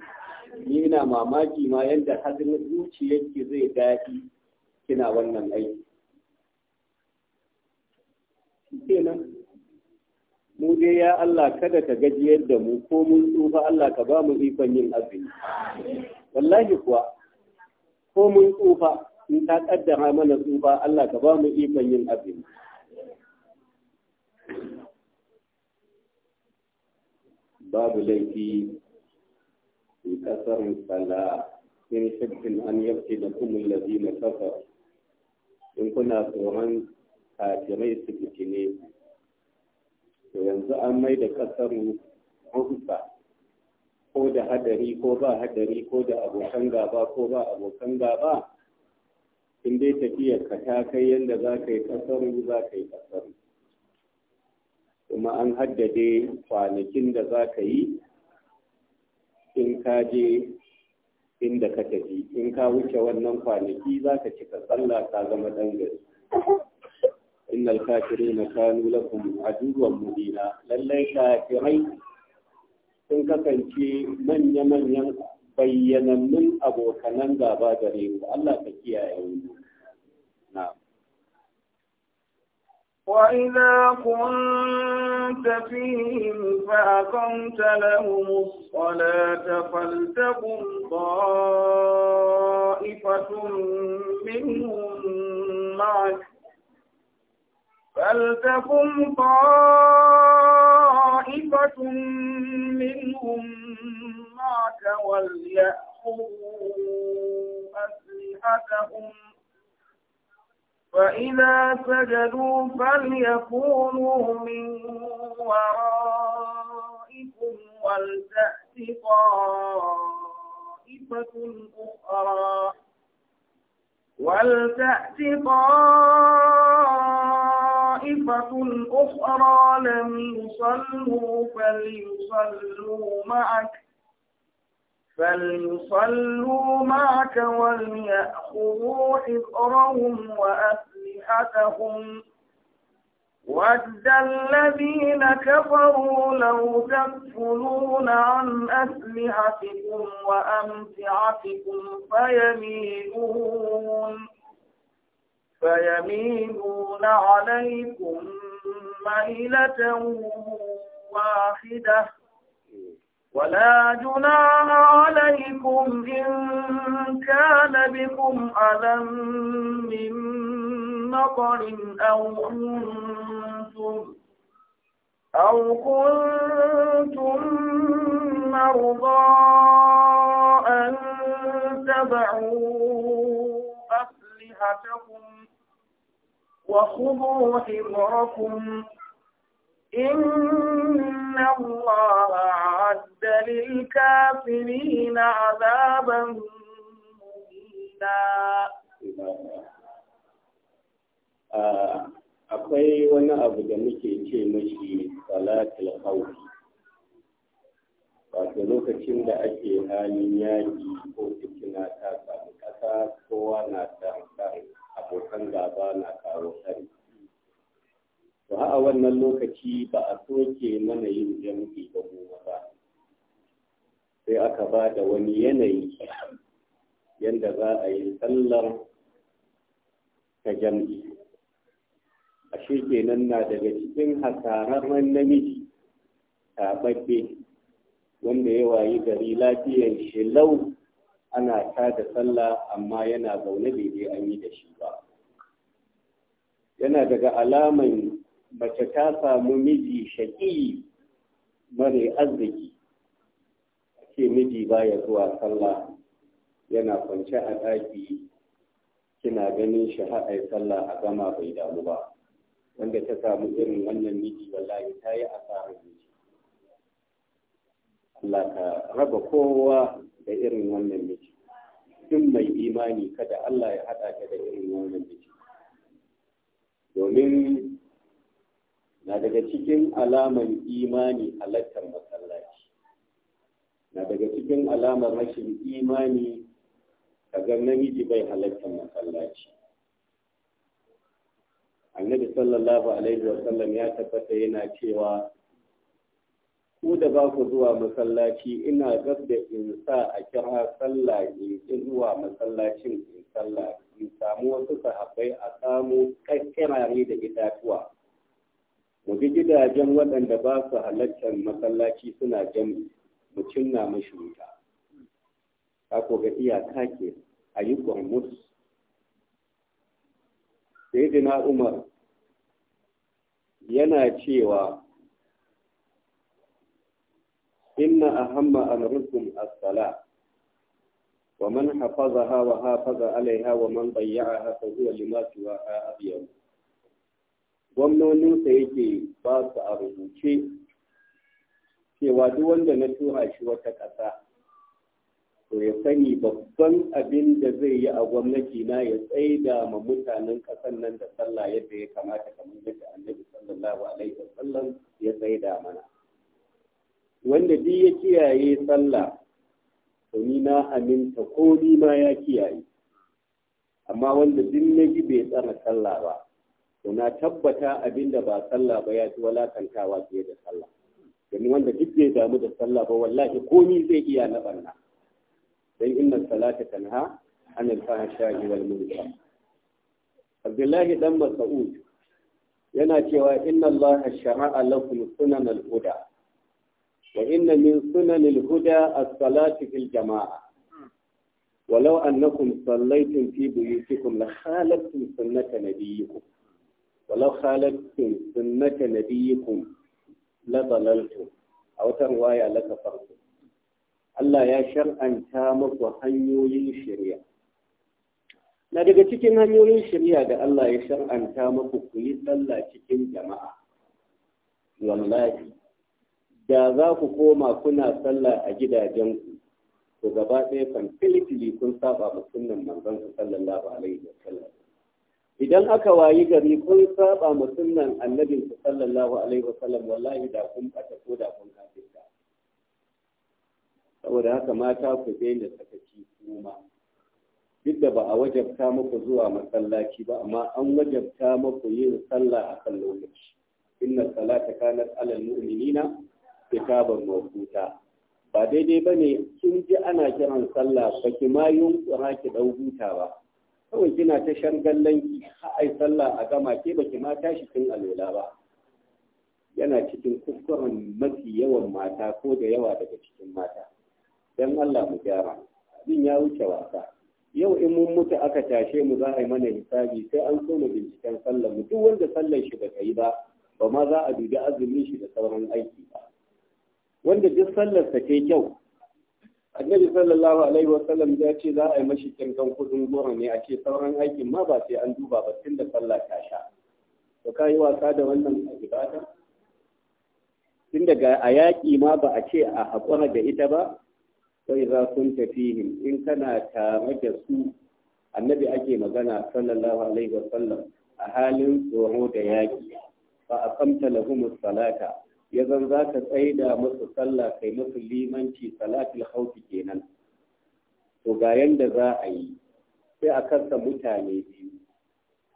ni ina mamaki ma yadda hazin zuciyarki zai daɗi kina wannan aiki kenan mu dai ya Allah kada ka gajiyar da mu ko mun tsufa Allah ka ba mu ikon yin azumi wallahi kuwa ko mun tsufa in ta kaddara mana tsufa Allah ka ba mu ikon yin azumi babu laifi in kasar sala in shakkin an yabti da kuma na kafar in kuna tsoron kafirai su ne su to yanzu an mai da ƙasar hurba ko da hadari ko ba hadari ko da abokan gaba ko ba abokan gaba in dai tafiyar ka ta kai yadda za ka yi ƙasar za ka yi ƙasar kuma an haddade kwanakin da za ka yi in ka je inda ka tafi in ka wuce wannan kwanaki za ka cika sallah ka zama ɗan gari inna alkafirina kanu lakum aduwwan mubina lallai kafirai sun kasance manya-manyan bayyanannun abokanan gaba gare ku Allah ka kiyaye mu na وإذا كنت فيهم فأقمت لهم الصلاة فلتقم طائفة منهم معك فلتكن طائفة منهم معك وليأخذوا أسلحتهم فإذا سجدوا فليكونوا من ورائكم ولتأت طائفة أخرى ولتأت طائفة طائفة أخرى لم يصلوا فليصلوا معك فليصلوا معك وليأخذوا حذرهم وأسلحتهم ود الذين كفروا لو تكفلون عن أسلحتكم وأمتعتكم فيميلون فيميلون عليكم ميلة واحدة ولا جناح عليكم إن كان بكم ألم من مطر أو كنتم أو كنتم مرضى أن تبعوا أسلحتكم وخذوا حذركم إن الله أعد للكافرين عذابا مهينا akwai wani abu da muke ce mashi salatul khawfi wato lokacin da ake halin yaki ko fitina ta samu ƙasa kowa na sa abokan gaba na karo kare. to a wannan lokaci ba a soke mana yin jam'i da mu ba. sai aka ba da wani yanayi yanda za a yi sallar ta jam'i a kenan na daga cikin hasararren namiji tababbe wanda ya wayi gari lafiyar shi lau ana ta da sallah amma yana zaune bai yi an yi da shi ba yana daga alaman mace ta samu miji shaƙi mare arziki ke miji baya zuwa sallah yana kwance a ɗaki kina ganin shi haɗai sallah a gama bai damu ba wanda ta samu irin wannan miji wallahi ta yi asarar Allah ka raba kowa da irin wannan miji duk mai imani kada Allah ya haɗa ka da irin wannan biki domin na daga cikin alaman imani halattar masallaci na daga cikin alamar rashin imani ga namiji bai halattar masallaci annabi sallallahu alaihi wasallam ya tabbata yana cewa ku da ba ku zuwa masallaci ina gab da in sa a kira sallah in in zuwa masallacin in sallah in samu wasu sahabbai a samu kakkirare da itatuwa mu bi gidajen waɗanda ba su halartar masallaci suna jami mu cinna mashi wuta ka ko ga iyaka ke a yi ƙwarmus sai umar yana cewa إن أهم أمركم الصلاة ومن حفظها وحافظ عليها ومن ضيعها فهو لما سواها أبيض gwamnoninsa yake ba su a rubuce cewa duk wanda na tura shi wata ƙasa to ya sani babban abin da zai yi a gwamnati na ya tsaida ma mutanen ƙasan nan da sallah yadda ya kamata kamar yadda annabi sallallahu alaihi wasallam ya tsaida mana wanda duk ya kiyaye sallah to ni na aminta ko ni ma ya kiyaye amma wanda duk na ji bai tsara sallah ba to na tabbata abinda ba sallah ba ya ci walakantawa fiye da sallah domin wanda duk bai damu da sallah ba wallahi komi zai iya na barna dan inna salata tanha an al wal munkar Abdullahi dan Mas'ud yana cewa inna Allah shara'a lakum sunan al-huda وإن من سنن الهدى الصلاة في الجماعة ولو أنكم صليتم في بيوتكم لخالفتم سنة نبيكم ولو خالفتم سنة نبيكم لضللتم أو تروايا لك فرصة Allah ya shar'anta muku hanyoyin shari'a. Na daga cikin hanyoyin shari'a da Allah ya shar'anta maku ku yi tsalla cikin jama'a, wallahi da za ku koma kuna sallah a gidajenku to gaba ɗaya kan filifili kun saba ma sunnan manzon su sallallahu alaihi wa sallam idan aka wayi gari kun saba ma sunnan annabin su sallallahu alaihi wa sallam wallahi da kun bata ko da kun kafirta saboda haka mata ku daina sakaci kuma duk da ba a wajabta muku zuwa masallaci ba amma an wajabta muku yin sallah a kan lokaci inna salata kanat alal mu'minina kitabar mawduta ba daidai ba ne kin ji ana kiran sallah ba ki ma yunkura ki dau huta ba kawai kina ta shargallan ki ai sallah a gama ke ba ki ma tashi kin alola ba yana cikin kuskuren mafi yawan mata ko da yawa daga cikin mata don Allah mu gyara din ya wuce wasa yau in mun mutu aka tashe mu za a yi mana hisabi sai an so mu binciken Sallah, mu duk wanda sallar shi ba kai yi ba ba ma za a dubi azumin shi da sauran aiki ba wanda duk sallarsa ta kyau annabi sallallahu alaihi wa sallam ya ce za a yi mashi kankan kudin goro ne a ce sauran aikin ma ba sai an duba ba tun da sallah ta sha to ka yi wasa da wannan ibada tun daga a yaƙi ma ba a ce a haƙura da ita ba sai za sun tafi in kana tare da su annabi ake magana sallallahu alaihi wa sallam a halin tsoro da yaƙi fa aqamta lahumus salata ya zan za ka tsaida musu sallah kai musu limanci salatul hauki kenan to ga yanda za a yi sai a kasa mutane biyu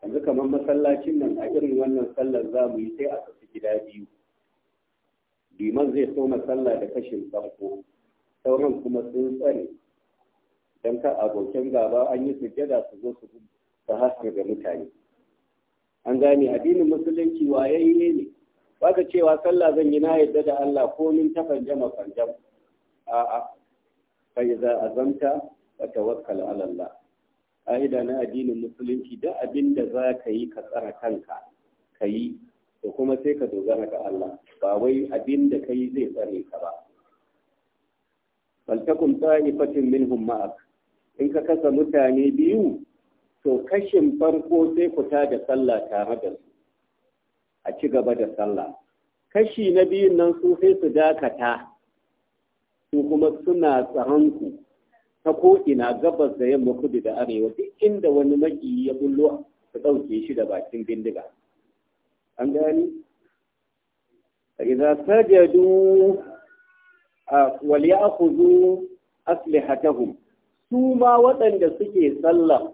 yanzu kamar masallacin nan a irin wannan sallar za mu yi sai a kasu gida biyu liman zai so sallah da kashin farko sauran kuma sun tsare don ka abokin gaba an yi sujjada su zo su hasar ga mutane an gane addinin musulunci wayayye ne baka cewa sallah zan yi na yadda da Allah ko min ta fanjama fanjam a'a fa idza azamta wa tawakkal ala Allah ka'ida na addinin musulunci da abin da za ka yi ka tsara kanka ka yi da kuma sai ka dogara ga Allah ba wai abin da ka zai tsare ka ba takum ta'ifatin minhum ma'ak in ka kasa mutane biyu to kashin farko sai ku ta da sallah tare da su a ci gaba da sallah kashi na biyun nan su sai su dakata su kuma suna tsaronku ta ko'ina gabas da yamma kudu da arewa duk inda wani maki ya bullo su ɗauke shi da bakin bindiga an gani idza sajadu wal ya'khudhu aslihatahum su ma waɗanda suke sallah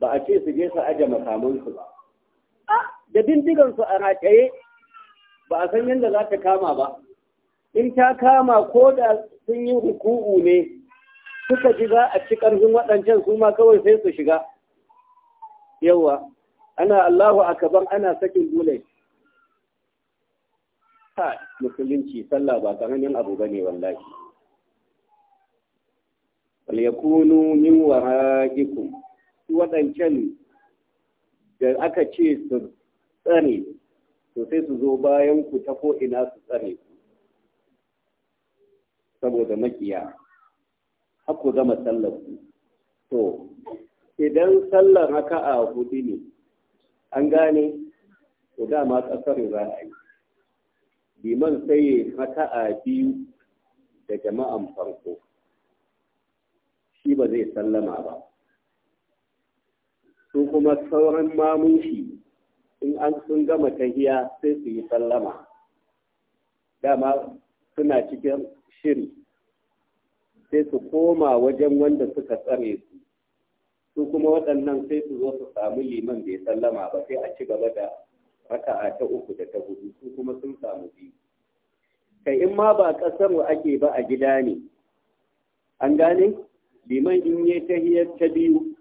ba a ce su je su aje makamansu ba da bindigansu a rataye ba a san yadda za ta kama ba in ta kama ko da sun yi ruku'u ne suka ji za a ci ƙarfin waɗancan su ma kawai sai su shiga yawa ana Allahu a kaban ana sakin dole ha musulunci sallah ba karamin abu ba bane wallahi ya yakunu min haƙiƙu waɗancan da aka ce su tsare to sai su zo bayan ku ta ko'ina su tsare ku saboda makiya har ku gama to idan sallar haka a hudu ne an gane to dama kasar za a yi liman sai haka a biyu da jama'an farko shi ba zai sallama ba su kuma sauran mamushi. in an sun gama tahiya sai su yi sallama dama suna cikin shiri sai su koma wajen wanda suka tsare su su kuma waɗannan sai su zo su samu liman bai sallama ba sai a ci gaba da raka'a ta uku da ta hudu su kuma sun samu biyu kai in ma ba ƙasar ake ba a gida ne an gane liman in yi ta hiyar ta biyu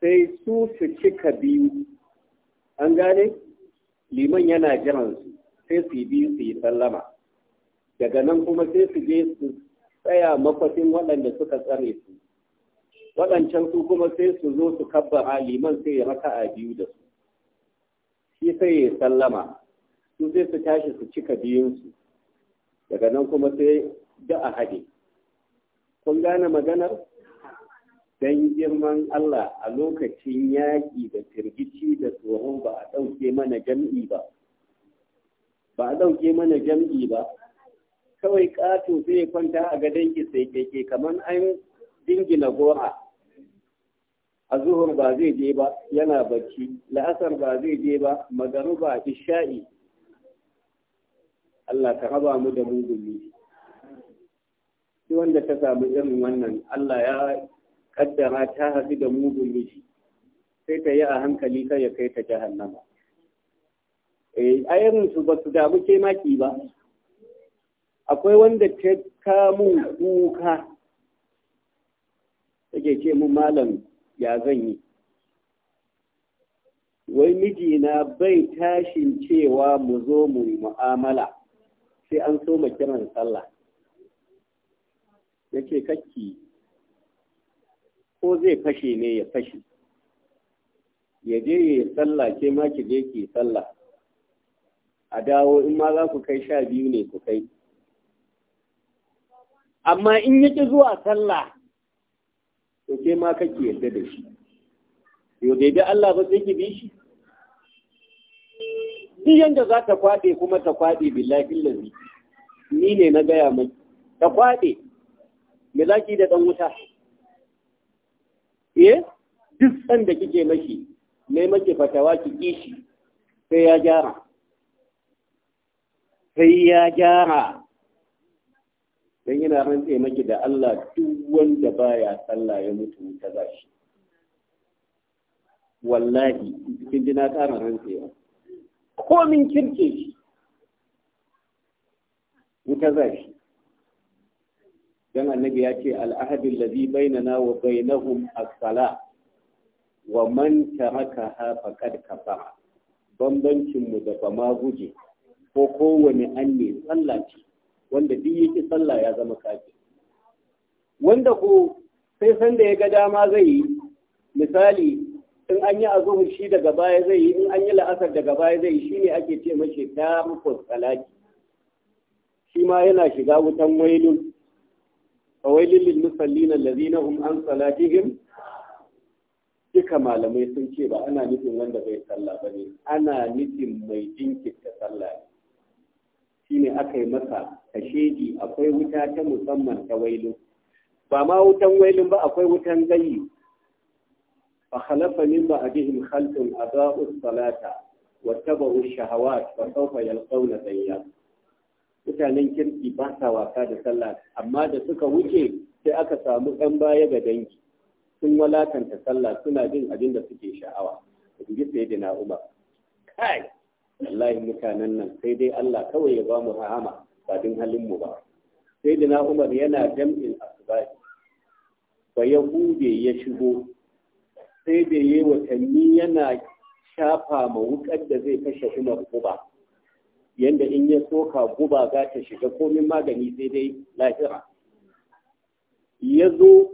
sai su su cika biyu an gane liman yana jiran su sai su bi su yi sallama daga nan kuma sai su je su tsaya makwafin waɗanda suka tsare su waɗancan su kuma sai su zo su kabbara liman sai ya raka a biyu da su shi sai ya sallama su sai su tashi su cika biyunsu daga nan kuma sai da a haɗe kun gane maganar don girman Allah a lokacin yaƙi da firgici da tsoron ba a ɗauke mana jam'i ba. Ba a ɗauke mana jam'i ba, kawai ƙato sai kwanta a gadon ki sai keke kamar an dingina gora. A zuhur ba zai je ba yana bacci, la'asar ba zai je ba magaruba isha'i. Allah ta raba mu da mugun Shi wanda ta samu irin wannan Allah ya kaddara ta haɗu da mugun miji sai ta yi a hankali kai ya kai ta jahannama eh ayarin su ba su damu ke maki ba akwai wanda ta kamu kuka take ce mun malam ya zan yi wai mijina bai tashin cewa mu zo mu mu'amala sai an so kiran sallah yake kakki ko zai fashe ne ya fashe? ya je ya yi sallah ke ma ki je ki sallah a dawo in ma za ku kai sha biyu ne ku kai amma in ya ki zuwa sallah to ke ma kake yarda da shi yau bai bi Allah ba sai ki bi shi duk yadda za ta kwaɗe kuma ta kwaɗe billahi lafi ni ne na gaya maki ta kwaɗe me za ki da ɗan wuta eh duk san da kike mashi mai maki fatawa ki kishi sai ya gyara sai ya gyara don yana rantse maki da Allah duk wanda baya sallah ya mutu ta gashi wallahi cikin jina ƙara rantsewa min kirke shi in ta gashi dan annabi ya ce al'ahadin allazi bainana wa bainahum as-sala wa man taraka ha faqad kafara bambancin mu da fama guje ko kowane anne sallah ce wanda duk yake sallah ya zama kafi wanda ko sai san da ya ga dama zai yi misali in an yi azumi shi daga baya zai yi in an yi la'asar daga baya zai yi shine ake ce mashi tarukul salati shi ma yana shiga wutan wailun fawailin lil musallina allazina hum an salatihim duka malamai sun ce ba ana nufin wanda bai sallah ba ne ana nufin mai jinkirta sallah ne shine aka yi masa kashedi akwai wuta ta musamman ta wailin ba ma wutan wailin ba akwai wutan gayi fa khalafa min ba'dihim khalqun adaa'u salata wa tabu'u shahawat fa sawfa yalqawna sayyi'a mutanen kirki ba sa wasa da sallah amma da suka wuce sai aka samu ɗan baya ga dangi sun walakanta sallah suna jin abin da suke sha'awa da ji sai na umar kai wallahi mutanen nan sai dai Allah kawai ya ba mu rahama ba din halin mu ba sai na umar yana jam'in asibati ba ya buɗe ya shigo sai da yi watanni yana shafa ma wuƙar da zai kashe umar kuba yanda in ya soka guba za ta shiga komin magani sai dai lahira ya zo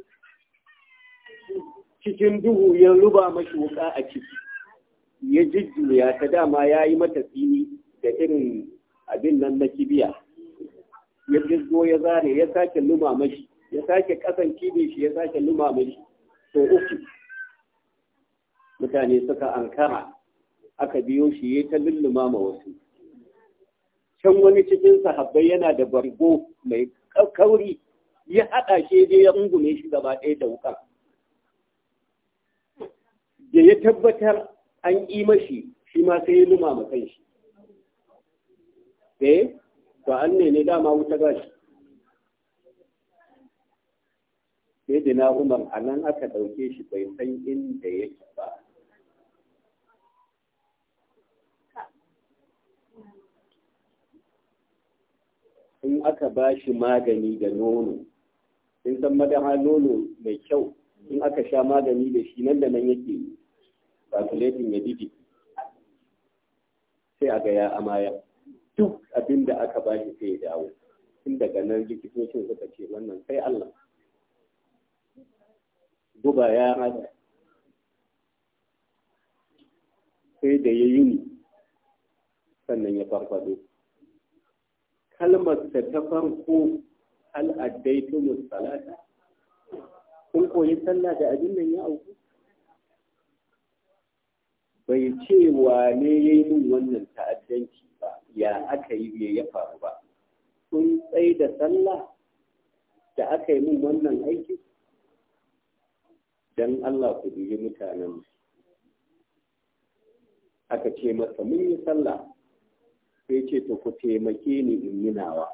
cikin duhu ya ruba mashi wuka a ciki ya jijjuya ta dama ya yi mata tsini da irin abin nan na kibiya ya jizgo ya zare ya sake luma mashi ya sake kasan shi ya sake luma mashi to uku mutane suka ankara aka biyo shi ya ta lulluma ma wasu can wani cikin sahabbai yana da bargo mai kauri ya haɗa shi da ya ungume shi gaba ɗaya da wuka da ya tabbatar an yi mashi shi ma sai ya luma ma kanshi eh ba an ne ne dama wuta ba shi. sai da na umar a nan aka ɗauke shi bai san inda yake ba in aka ba shi magani da nono in san madaha nono mai kyau in aka sha magani da shi nan da nan yake calculating ya didi sai a ga ya amaya duk abin da aka ba shi sai ya dawo tun daga nan likitocin suka ce wannan sai Allah guba ya hada sai da ya yini sannan ya farfado kalmar ta ta farko hal addaitu musalata kun koyi sallah da abin nan ya auku bai ce wane ya yi min wannan ta'addanci ba ya aka yi me ya faru ba kun tsaye da sallah da aka yi min wannan aiki dan Allah ku dubi mutanen aka ce masa mun yi sallah sai ce to ku taimake ni in yi nawa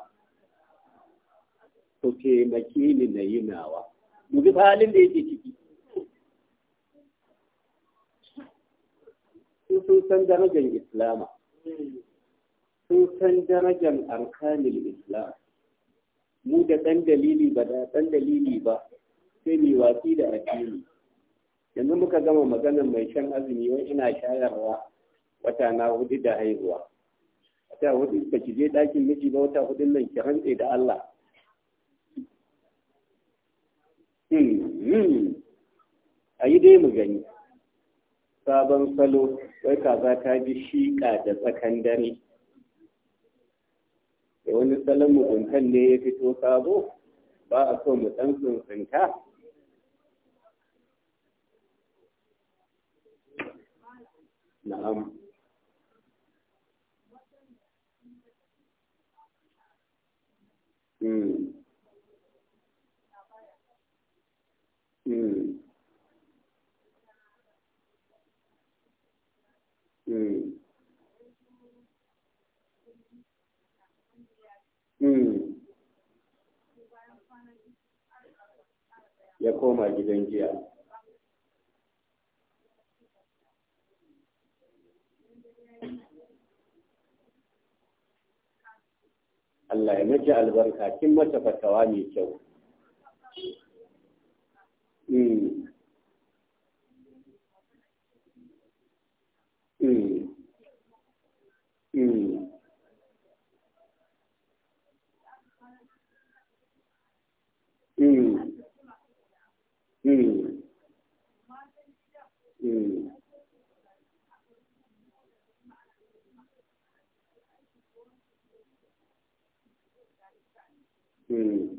ku taimake ni na yi nawa Duk halin da yake ciki sun san darajar islama sun san darajar arkanin islam mu da ɗan dalili ba da ɗan dalili ba sai mai wasi da addini yanzu muka gama maganar mai shan azumi wani ina shayarwa wata na hudu da haihuwa wata hudu ba ki je ɗakin miji ba wata hudun nan ki hantse da Allah hmm, hmm. a yi dai mu gani sabon salo wai kaza ta ji shiƙa da tsakan dare da wani salon muguntan ne ya fito sabo ba a so mu ɗan tsuntsunta na'am ya koma gidan giya. Allah ya maki albarka kin mata fatawa mai kyau Mm. Mm. Mm. mm. mm. mm. to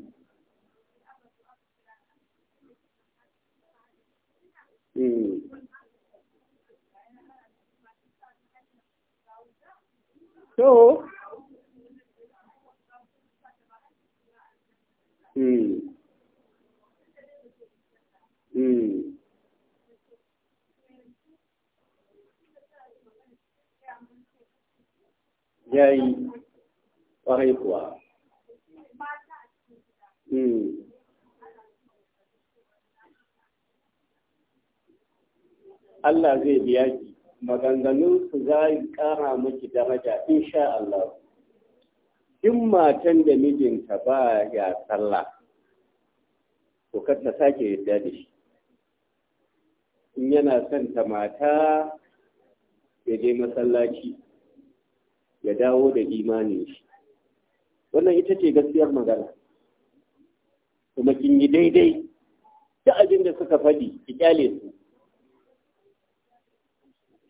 hmm. hmm. hmm. yayi ƙwarai kuwa Hmm. Allah zai biya ki maganganun su za yi ƙara miki daraja in sha Allah. In matan da mijinta ba ya sallah, to ta sake yadda da shi. In yana son ta mata ya je masallaci, ya dawo da imanin shi. Wannan ita ce gaskiyar magana. kuma kin yi daidai da abin da suka faɗi ki kyale su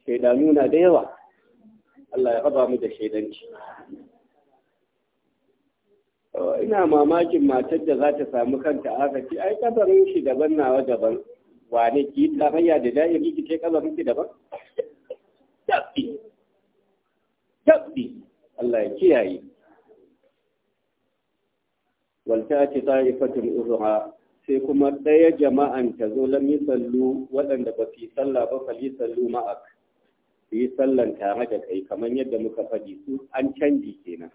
shaidanu na da yawa Allah ya raba mu da shaidanci ina mamakin matar da za ta samu kanta aka ce ai kabarin shi daban nawa daban wane ki tarayya da da'iri ki ce kabarin shi daban tabbi tabbi Allah ya kiyaye walta ce ta'ifatul uzra sai kuma ɗaya jama'an ta zo lam sallu waɗanda ba su yi sallah ba fali sallu ma'ak su yi sallan tare da kai kamar yadda muka faɗi su an canji kenan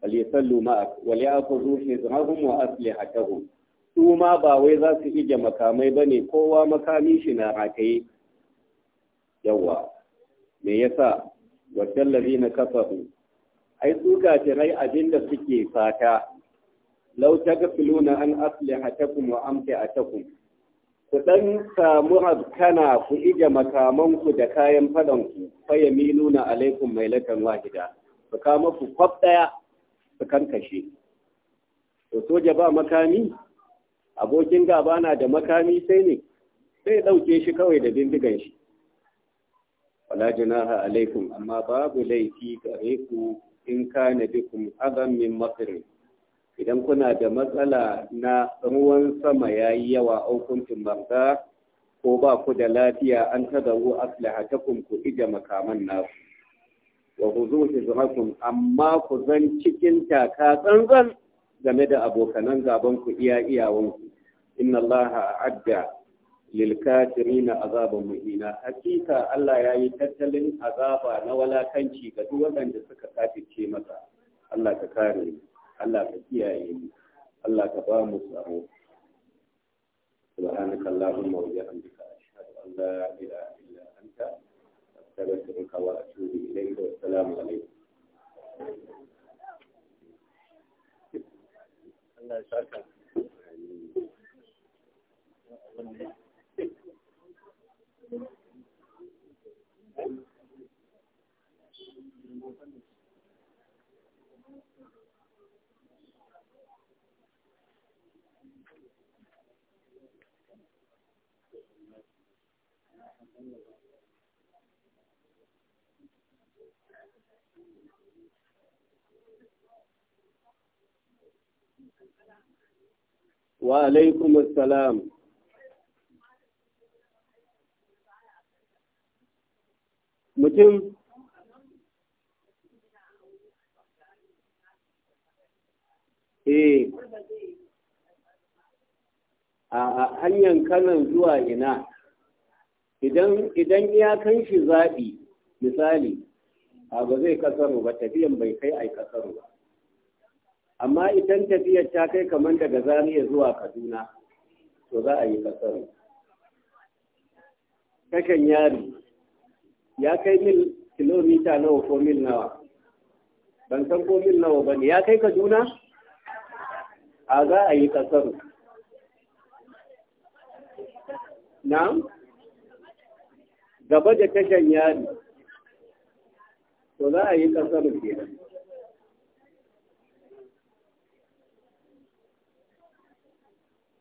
fali sallu ma'ak wal ya'khudhu hizrahum wa aslihatahum su ma ba wai za su ije makamai ne, kowa makami shi na rataye yawa me yasa wa kallazina kafaru ai su kafirai abinda suke fata lau taghfiluna an aslihatakum wa amti'atakum ku dan samu kana ku ije makamanku da kayan fadanku fa yamiluna alaikum mailatan wahida su kama ku kwaf su kankashe to soja ba makami abokin gaba na da makami sai ne sai dauke shi kawai da bindigan shi wala jinaha, alaikum amma babu laifi gare ku in kana bikum adan min mafirin. idan kuna da matsala na ruwan sama ya yi yawa aukuntun marza ko ba ku da lafiya an tazaru aslahatakum ku ija makaman nasu wa ku zo hizrakum amma ku zan cikin taka tsantsan game da abokanan gaban ku iya iyawan ku inna allaha adda lil kafirina azaban muhina hakika Allah ya yi tattalin azaba na walakanci ga duk waɗanda suka kafice masa Allah ka kare mu Allah ka kiyaye mu Allah ka ba mu tsaro سبحانك اللهم وبحمدك أشهد أن لا إله إلا أنت أستغفرك وأتوب إليك والسلام عليكم Allah ya saka. Thank you. wa alaikum assalam mutum eh a hanyar kanan zuwa ina idan idan ya kan shi zaɓi misali a ba zai kasaru ba tafiyan bai kai ai kasaru ba amma idan tafiyar ta kai kamar daga zariya zuwa kaduna to za a yi kasar tashan yari ya kai mil kilomita nawa ko mil nawa ban san ko mil nawa ba ne ya kai kaduna a za a yi kasar na'am gaba da tashan yari to za a yi kasar kenan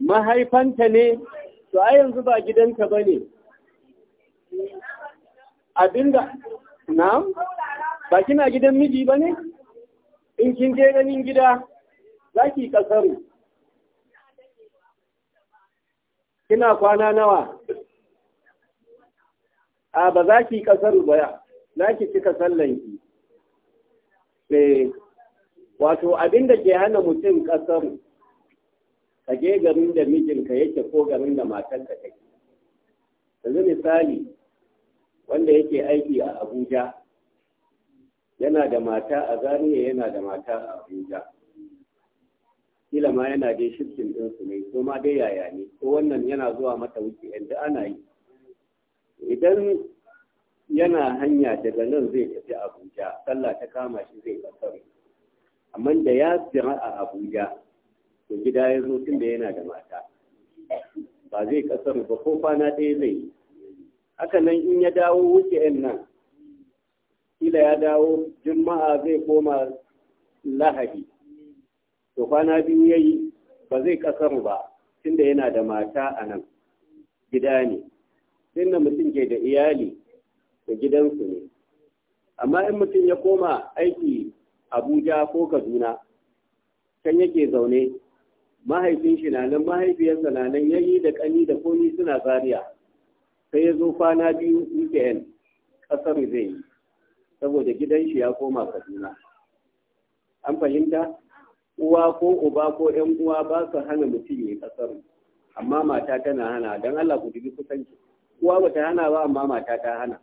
mahaifanta ne to a yanzu ba gidanta ba ne abinda na ba kina gidan miji ba ne in kin je ganin gida za ki kasaru kina kwana nawa a ba za ki kasaru ba za ki cika sallanki eh, wato abinda ke hana mutum kasaru ka je garin da mijinka yake ko garin da matarka take yanzu misali wanda yake aiki a abuja yana da mata a zaniya yana da mata a abuja kila ma yana dai shifkin ɗinsu ne ko ma dai yaya ne ko wannan yana zuwa mata wuce yadda ana yi idan yana hanya daga nan zai tafi abuja sallah ta kama shi zai kasar amma da ya jira a abuja to gida ya zo tun da yana da mata ba zai kasar ba ko kwana ɗaya zai yi haka nan in ya dawo wuce yan nan kila ya dawo juma'a zai koma lahadi to kwana biyu ya yi ba zai kasar ba tun da yana da mata a nan gida ne tun da mutum ke da iyali da gidansu ne amma in mutum ya koma aiki abuja ko kaduna can yake zaune mahaifin shi na nan mahaifiyarsa na nan yayi da kani da komi suna zariya sai ya zo kwana biyu weekend kasar zai yi saboda gidan shi ya koma kaduna an fahimta uwa ko uba ko yan uwa ba su hana mutum ya kasar amma mata tana hana don Allah ku dubi kusanci uwa ba ta hana ba amma mata ta hana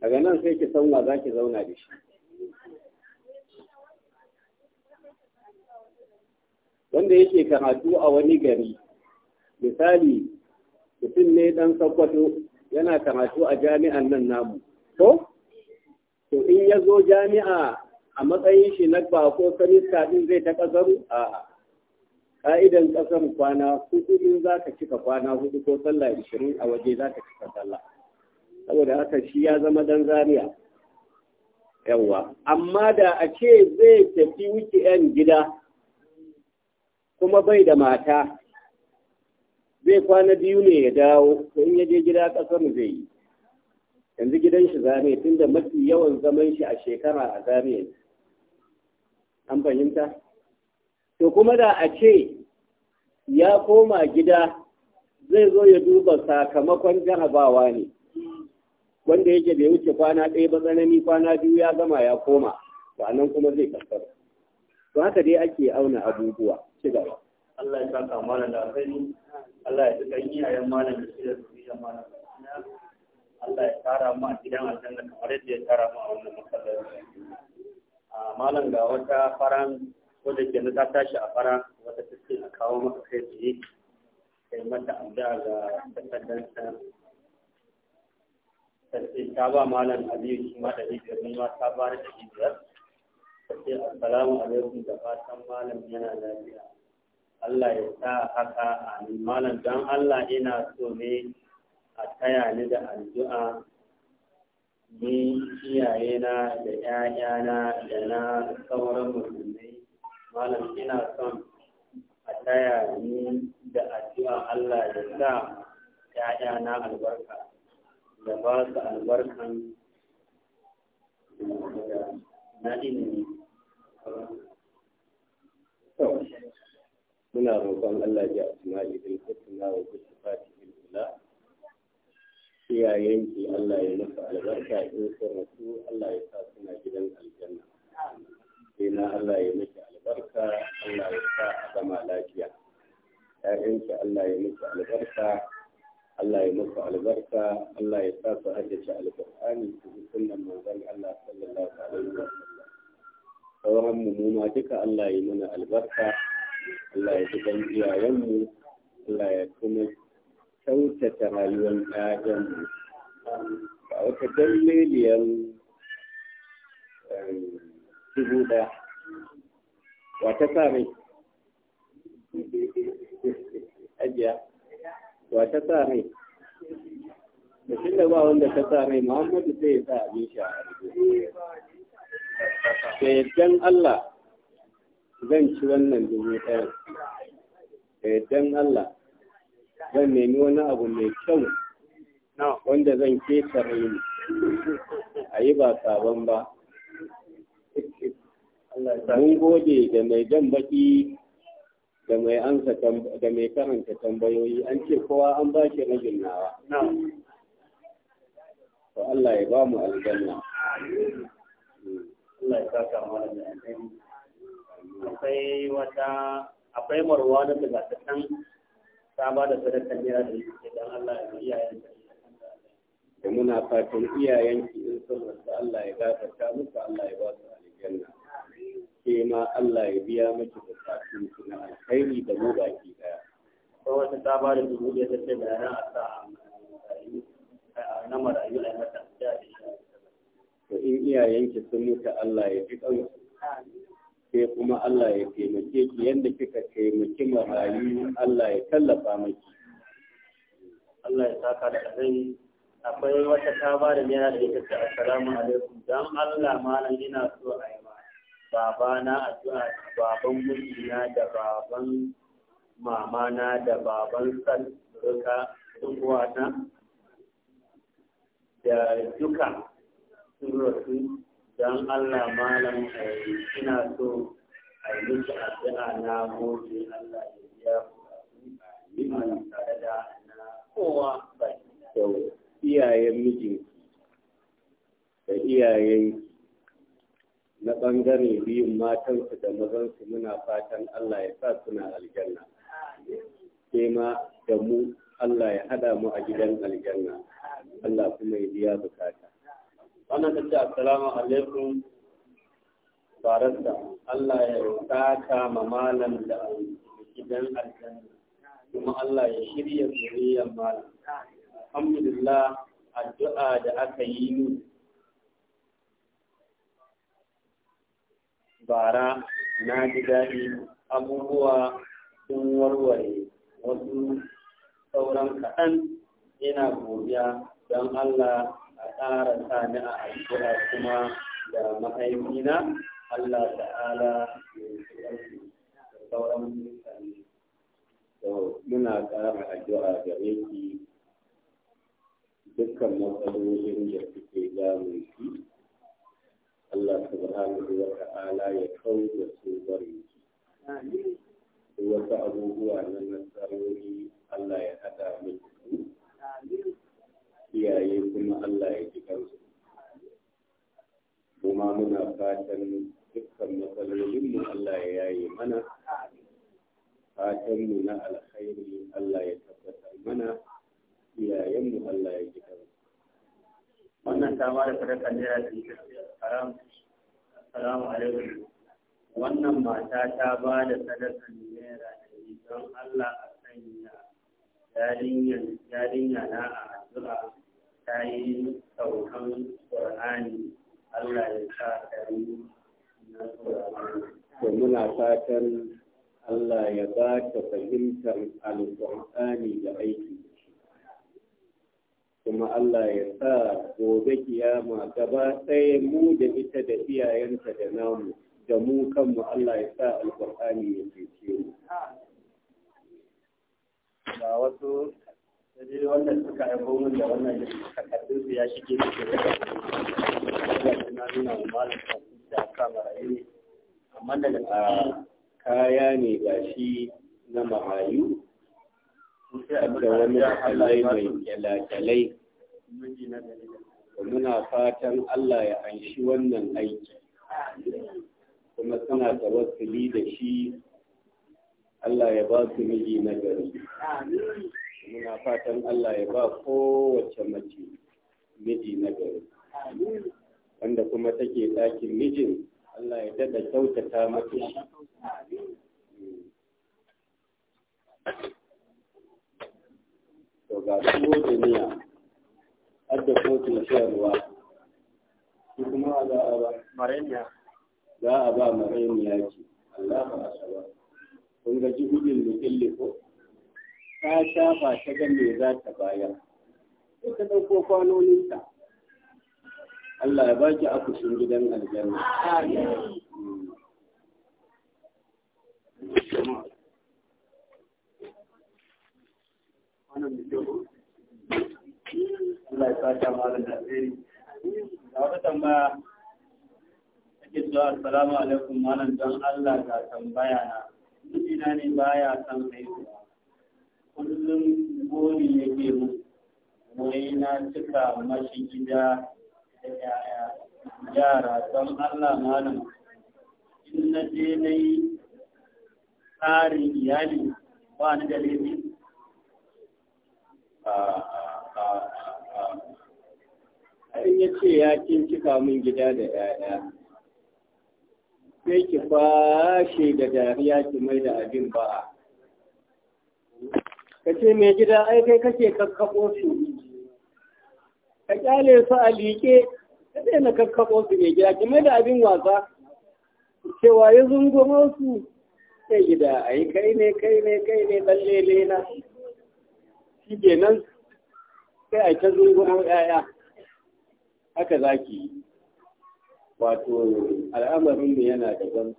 daga nan sai ki san wa za ki zauna da shi wanda yake karatu a wani gari misali mutum ne dan sakwato yana karatu a jami'an nan namu ko to in ya zo jami'a a matsayin shi na ba ko sanista din zai ta kasar a ka'idan kasar kwana hudu in za ka cika kwana hudu ko sallah ishirin a waje za ka cika sallah saboda haka shi ya zama dan zariya yawwa amma da a ce zai tafi wiki gida kuma bai da mata zai kwana biyu ne ya dawo to in ya je gida ƙasar zai yi yanzu gidan shi zame tun da mafi yawan zaman shi a shekara a zame an fahimta to kuma da a ce ya koma gida zai zo ya duba sakamakon jarabawa ne wanda yake bai wuce kwana ɗaya ba tsanani kwana biyu ya gama ya koma nan kuma zai kasar to haka dai ake auna abubuwa ci Allah ya saka malam da alkhairi Allah ya saka iyayen malam da shirya zuriyar malam Allah ya tara ma a gidan aljanna kamar yadda ya tara mu a wannan masallaci a malam ga wata fara ko da ke ta tashi a fara wata take a kawo maka kai tsaye kai mata addu'a ga takardarsa sai ta ba malam aliyu shi ma ɗari biyar ni ma ta ba da ɗari biyar sai assalamu alaikum da fatan malam yana lafiya Allah ya sa haka amin malam don Allah ina so ne a taya ni da addu'a ni iyayena da ‘ya'yana da na sauran musulmai malam ina son a taya ni da addu'a Allah ya sa na albarka da ba su albarkan na ilimi. muna roƙon Allah ya asma'i bil husna wa bi sifatihil ula iyayenki Allah ya nufa albarka in sun rasu Allah ya sa suna gidan aljanna sai na Allah ya miki albarka Allah ya sa a zama lafiya ƴaƴanki Allah ya miki albarka Allah ya muku albarka Allah ya sa su haddace alƙur'ani su bi sunnan manzon Allah sallallahu alaihi wa sallam sauran mu ma duka Allah ya muna albarka Allah ya cikin iyayenmu Allah ya kuma kyautata rayuwar ɗayanmu ba wata dalilin eh, dubu ɗaya wata sa ajiya wata sa da shi da ba wanda ta sa rai sai ya sa abin shi a da yaddan Allah zan ci wannan dubu ɗaya. Eh, da yardan Allah zan nemi wani abu mai kyau wanda zan keta raini a yi ba sabon ba mun gode da mai jan baki da mai karanta tambayoyi an ce kowa an ba shi rajin nawa to Allah ya ba mu aljanna Allah ya saka mu aljanna akwai wata akwai marwa da daga ta can ta ba da sadakar yara da yake don Allah ya iyayen da muna fatan iyayenki in sun rasu Allah ya gafarta musu Allah ya ba su aljanna ke ma Allah ya biya miki bukatun ki na alkhairi da mu baki daya ko wata ta ba da dubu da ta ce da ran a sa a na marayu a mata da to in iyayenki sun mutu Allah ya ji kansu sai kuma Allah ya taimake ki yadda kika taimaki marayu Allah ya tallafa maki Allah ya saka da azai akwai wata ta ba da naira da ita ce assalamu alaikum dan Allah malam ina so a yi ma na, addu'a baban na, da baban mama na, da baban sarruka sun uwata da duka sun rasu don Allah malam ina so a yi miki addu'a na gode Allah ya biya ku amin liman da na kowa ba yau iyayen mijin da iyayen na bangare biyun matansu da mazan su muna fatan Allah ya sa suna aljanna sai ma da mu Allah ya haɗa mu a gidan aljanna Allah kuma ya biya bukata wannan ta ce assalamu alaikum barasta Allah ya saka ma malam da gidan aljanna kuma Allah ya shirya zuriyar malam alhamdulillah addu'a da aka yi ni bara na ji daɗi abubuwa sun warware wasu sauran kaɗan yana godiya don Allah ƙara sani a addu'a kuma da mahaifina Allah ta'ala da sauran mutane. To muna ƙara addu'a gare ki dukkan matsalolin da suke damun shi. Allah subhanahu wa ta'ala ya kau da su bari ki. wasu abubuwa na nasarori Allah ya hada miki. iyaye kuma Allah ya ji kansu kuma muna fatan dukkan matsalolinmu Allah ya yaye mana fatanmu na alkhairi Allah ya tabbatar mana iyayenmu Allah ya ji kansu wannan dama da sadaka naira ɗari haram assalamu alaikum wannan mata ta ba da sadaka naira ɗari don Allah a sanya yarinya na a addu'a ta yi saukan ƙur'ani Allah ya sa ɗari na To muna fatan Allah ya ba ta fahimtar alƙur'ani da aiki kuma Allah ya sa gobe kiyama gaba ɗaya mu da ita da iyayenta da namu da mu kanmu Allah ya sa alƙur'ani ya cece mu. wasu sai wannan suka aiko min da wannan ya da malam marayu ne kaya ne ga shi wani mai muna fatan Allah ya anshi wannan aiki kuma suna tawassuli da shi Allah ya ba su miji na gari muna fatan Allah ya ba kowace mace miji na gari wanda kuma take ɗakin mijin Allah ya daɗa kyautata mata shi to ga tuwo duniya adda kotun shayarwa shi kuma za a ba mareniya za a ba mareniya ce Allah ba a kun ga jihudin da ko ta shafa ta ga me za ta bayar sai ta ɗauko kwanoninta Allah ya baki a kushin gidan aljanna Allah ya sata malam da tsiri. Da wata tambaya ake cewa assalamu alaikum malam don Allah ga tambaya na. Mijina ne baya son haihuwa. kullum gori ke mu wai na cika mashi gida da yaya yara don Allah malam in na je na yi tsarin iyali ba ni da laifi in ya ce ya kin cika min gida da yaya sai ki fashe da dariya ki mai da abin ba'a ka ce mai gida ai kai kake kakkaɓo su ka kyale su a liƙe ka daina kakkaɓo su mai gida game da abin wasa cewa ya zungo su sai gida ai kai ne kai ne kai ne balle lele na shi kenan sai a ta zungo 'ya'ya haka za ki yi wato al'amarinmu yana da daban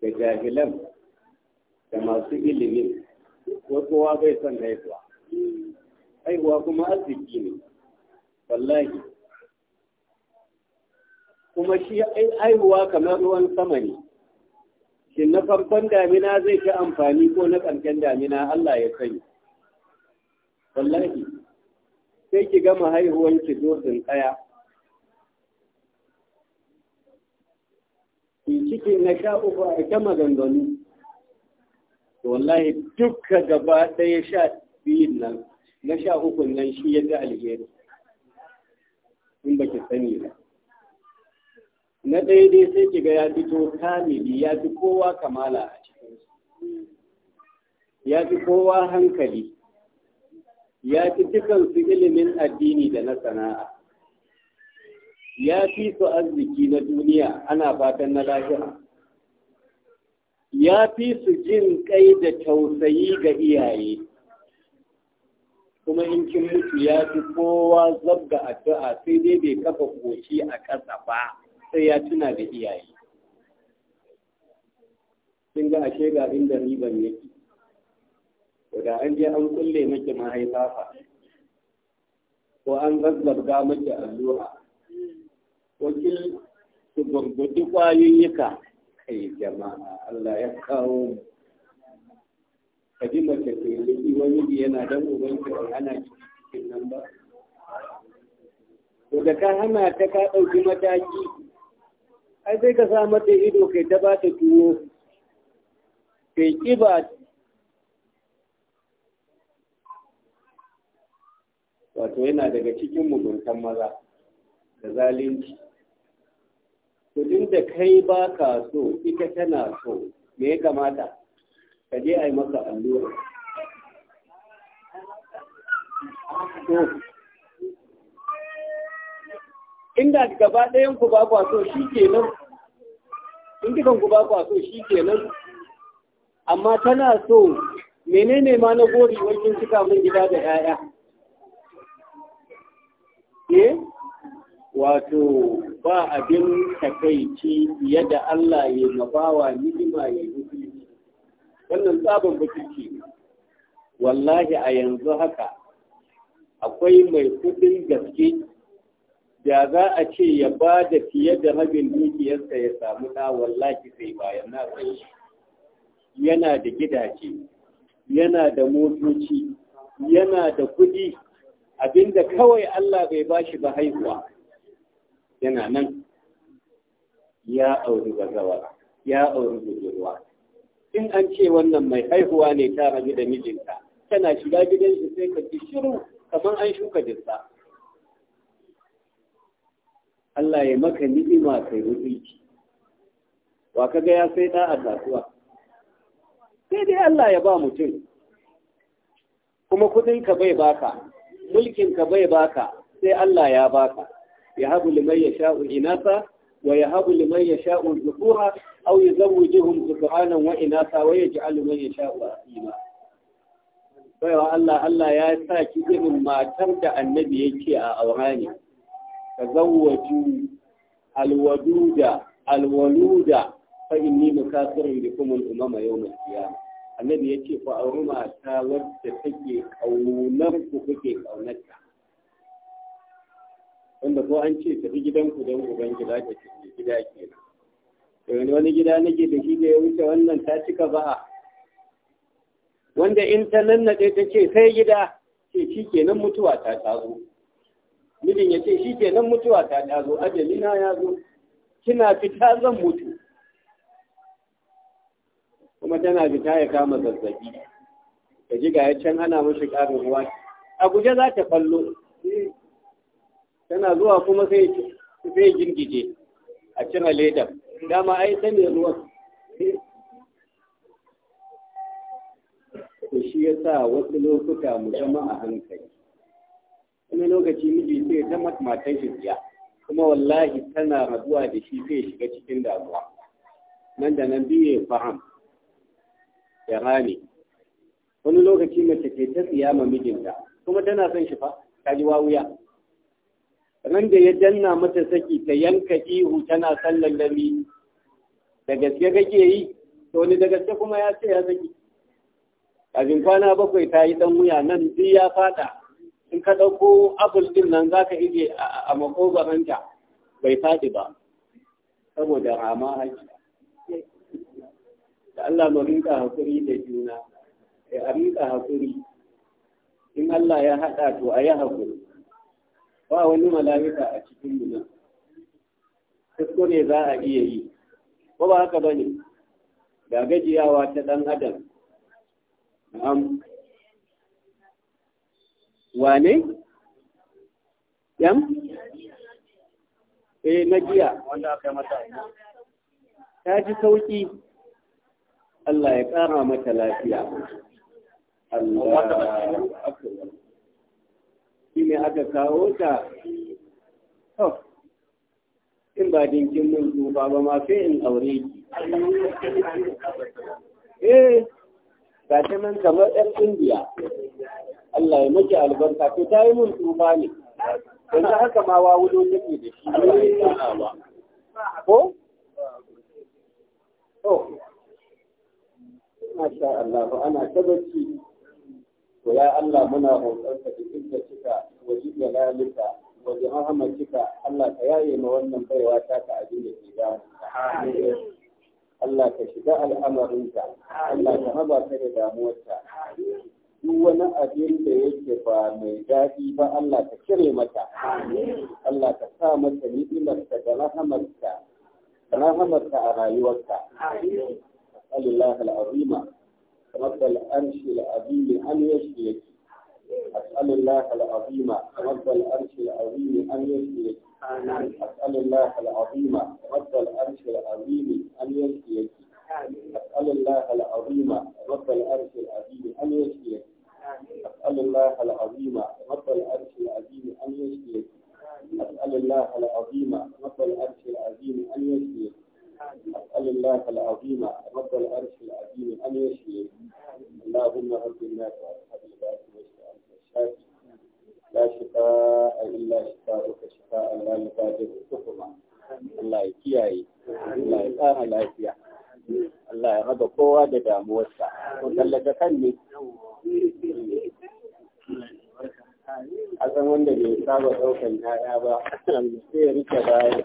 ga jahilan da masu ilimin wasu wa bai son haihuwa haihuwa kuma arziki ne wallahi kuma shi haihuwa kamar ruwan sama ne shi na farkon damina zai fi amfani ko na ƙarshen damina Allah ya sani wallahi sai ki gama haihuwan ki zo sun tsaya ki cikin na sha uku a ita maganganu to wallahi duka gaba ɗaya sha biyun nan na sha hukun nan shi ya ga alheri in ba ki sani ba na ɗaya dai sai ki ga ya fito kamili ya fi kowa kamala a cikin ya fi kowa hankali ya fi dukansu ilimin addini da na sana'a ya fi su arziki na duniya ana fatan na lahira ya fi su jin kai da tausayi ga iyaye kuma in kin mutu ya fi kowa zabga addu'a sai dai bai kafa koshi a ƙasa ba sai ya tuna da iyaye sun ga ashe ga inda riban yake da an je an kulle miki mahaifa fa ko an zazzabga miki allura ko kin su gurgudi ka. kai jama'a Allah ya kawo mu ji mace ta yi ciki wani yana dan uban ki ana cikin nan ba to da ka hana ta ka ɗauki mataki ai sai ka sa mata ido kai ta ba ta tuwo kai kiba wato yana daga cikin muguntan maza da zalunci kudin da kai ba ka so ita tana so me ya kamata ka je a yi maka allura inda gaba ɗayan ku ba kwa so shi kenan in dukan ku ba kwa so shi kenan amma tana so menene ma na gori wajen cika min gida da 'ya'ya eh wato ba abin takaici yadda Allah ya mabawa ni'ima ya yi hukunci wannan sabon bakiki wallahi a yanzu haka akwai mai kudin gaske da za a ce ya ba da fiye da rabin dukiyarsa ya samu na wallahi sai bayan na sai yana da gidaje yana da motoci yana da kudi abinda kawai Allah bai bashi ba haihuwa yana nan ya auri gazawa ya auri budurwa in an ce wannan mai haihuwa ne ta rabu da mijinta tana shiga gidan shi sai ka shiru kamar an shuka jinsa Allah ya maka ni'ima kai rubuci wa kaga ya sai da a kasuwa sai dai Allah ya ba mutum kuma kudin ka bai baka mulkin ka bai baka sai Allah ya baka yahabu liman yasha'u inasa wa yahabu liman yasha'u dhukura aw yuzawwijuhum dhukranan wa inasa wa yaj'alu man yasha'u asima baiwa Allah Allah ya sa ki irin matar da annabi yake a aurani tazawwaju alwaduda alwaluda fa inni mukasirun bikum al-umama yawm al-qiyamah annabi yace ku auri mata wadda take kaunar ku kuke kaunarta wanda ko an ce tafi gidanku don uban gida ta cikin gida ke da wani gida nake da shi da ya wuce wannan ta cika a. wanda in ta nannaɗe ta ce sai gida ce shi nan mutuwa ta tazo mijin ya ce shi ke nan mutuwa ta tazo ajalina ya zo kina fita zan mutu kuma tana fita ya kama zazzabi da ji ga can ana mashi ƙarin ruwa a guje za ta fallo tana zuwa kuma sai sai jingije a cire ledar dama ai ta ne ruwan to shi ya sa wasu lokuta mu zama a hankali wani lokaci miji sai ta matan shi biya kuma wallahi tana rabuwa da shi sai shiga cikin damuwa nan da nan biye faham ya rame wani lokaci mace ce ta tsiyama ma mijinta kuma tana son shi fa ta ji wawuya Randa ya danna mata saki ta yanka ihu tana sallan lami da gaske kake yi to ni da gaske kuma ya ce ya saki kafin kwana bakwai ta yi dan wuya nan duk ya fada in ka ɗauko abul din nan za ka ije a makogaranta bai faɗi ba saboda rama haji. da Allah mu rinka haƙuri da juna ya eh, rinka haƙuri in Allah ya haɗa to a yi haƙuri ba wani mala'ika a cikin mu nan Kusko ne za a iya yi ko ba haka bane ga gajiyawa ta dan adam am, wane yam eh na giya wanda aka mata ta ji sauki Allah ya ƙara mata lafiya Allah shi ne aka kawo ta in ba dinkin mun tsufa ba ma sai in aure ki eh ga ta nan kamar ɗan indiya Allah ya miki albarka to ta yi mun tsufa ne yanzu haka ma wawulo take da shi ba ko masha Allah ana ta ya Allah muna roƙarka da izzatuka wa jalalika wa bi rahmatika Allah ka yaye ma wannan baiwa ta ka abin da ke Allah ka shiga al'amarinka Allah ka haba ka da damuwata duk wani abin da yake ba mai daɗi ba Allah ka cire mata Allah ka sa mata ni'imarka da rahamarka da rahamarka a rayuwarka Allah al-azima رب العرش العظيم أن يشفيك أسأل الله العظيم رب العرش العظيم أن يشفيك أسأل الله العظيم رب العرش العظيم أن يشفيك أسأل الله العظيم رب العرش العظيم أن يشفيك أسأل الله العظيم رب العرش العظيم أن يشفيك أسأل الله العظيم رب العرش العظيم أن يشفيك أسأل الله العظيم رب العرش العظيم أن يشفي اللهم رب الناس وأصحاب الباس الشافي لا شفاء شفاء لا سقما kowa da damuwarsa ko a san wanda bai saba ɗaukan 'ya'ya ba sai ya rike baya